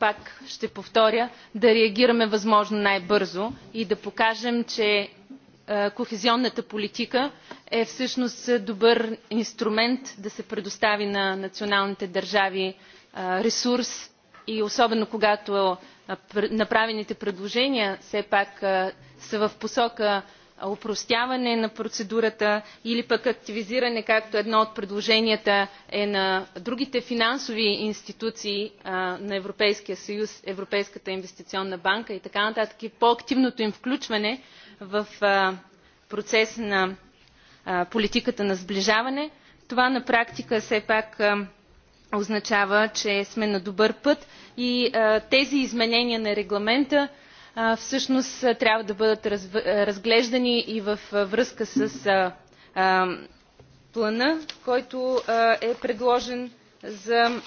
пак ще повторя да реагираме възможно най бързо и да покажем че кохезионната политика е всъщност добър инструмент да се предостави на националните държави ресурс и особено когато направените предложения все пак са в посока опростяване на процедурата или пък активизиране както едно от предложенията е на другите финансови институции на европейския съюз европейската инвестиционна банка и така нататък и по активното им включване в процеса на политиката на сближаване това на практика все пак означава, че сме на добър път и тези изменения на регламента всъщност трябва да бъдат разглеждани и във връзка с плана, който е предложен за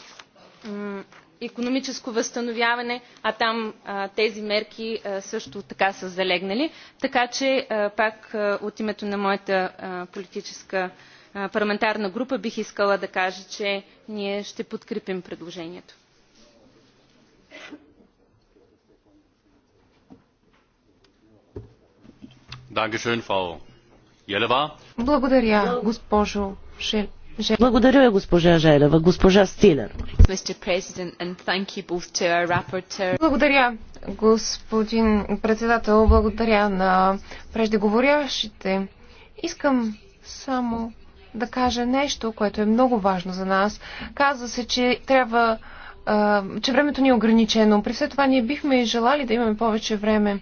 економическо възстановяване, а там тези мерки също така са залегнали. Така че, пак от името на моята политическа парламентарна група бих искала да кажа, че ние ще подкрепим предложението. Благодаря, госпожо Шел. Благодаря, госпожа Желева. Госпожа Стилер. Благодаря, господин председател. Благодаря на преждеговорящите. Искам само да кажа нещо, което е много важно за нас. Казва се, че трябва че времето ни е ограничено. При все това ние бихме и желали да имаме повече време,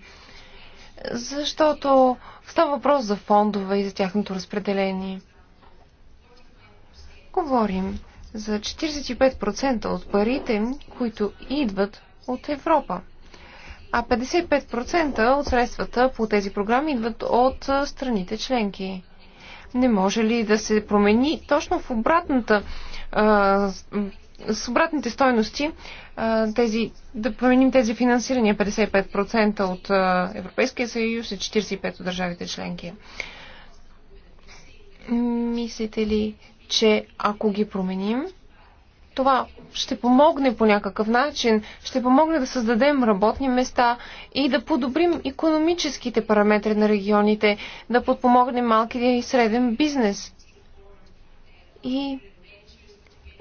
защото става въпрос за фондове и за тяхното разпределение. Говорим за 45% от парите, които идват от Европа. А 55% от средствата по тези програми идват от страните членки не може ли да се промени точно в обратната с обратните стойности тези, да променим тези финансирания 55% от Европейския съюз и 45% от държавите членки. Мислите ли, че ако ги променим, това ще помогне по някакъв начин, ще помогне да създадем работни места и да подобрим економическите параметри на регионите, да подпомогнем малкия и среден бизнес и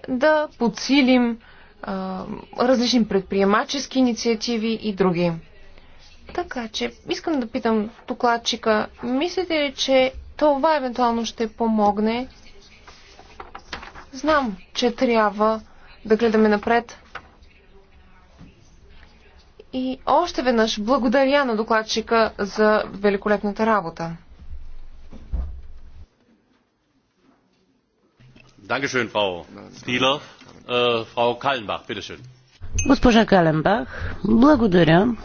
да подсилим а, различни предприемачески инициативи и други. Така че искам да питам докладчика, мислите ли, че това евентуално ще помогне Знам, че трябва да гледаме напред. И още веднъж благодаря на докладчика за великолепната работа. Äh, Госпожа Каленбах, благодаря.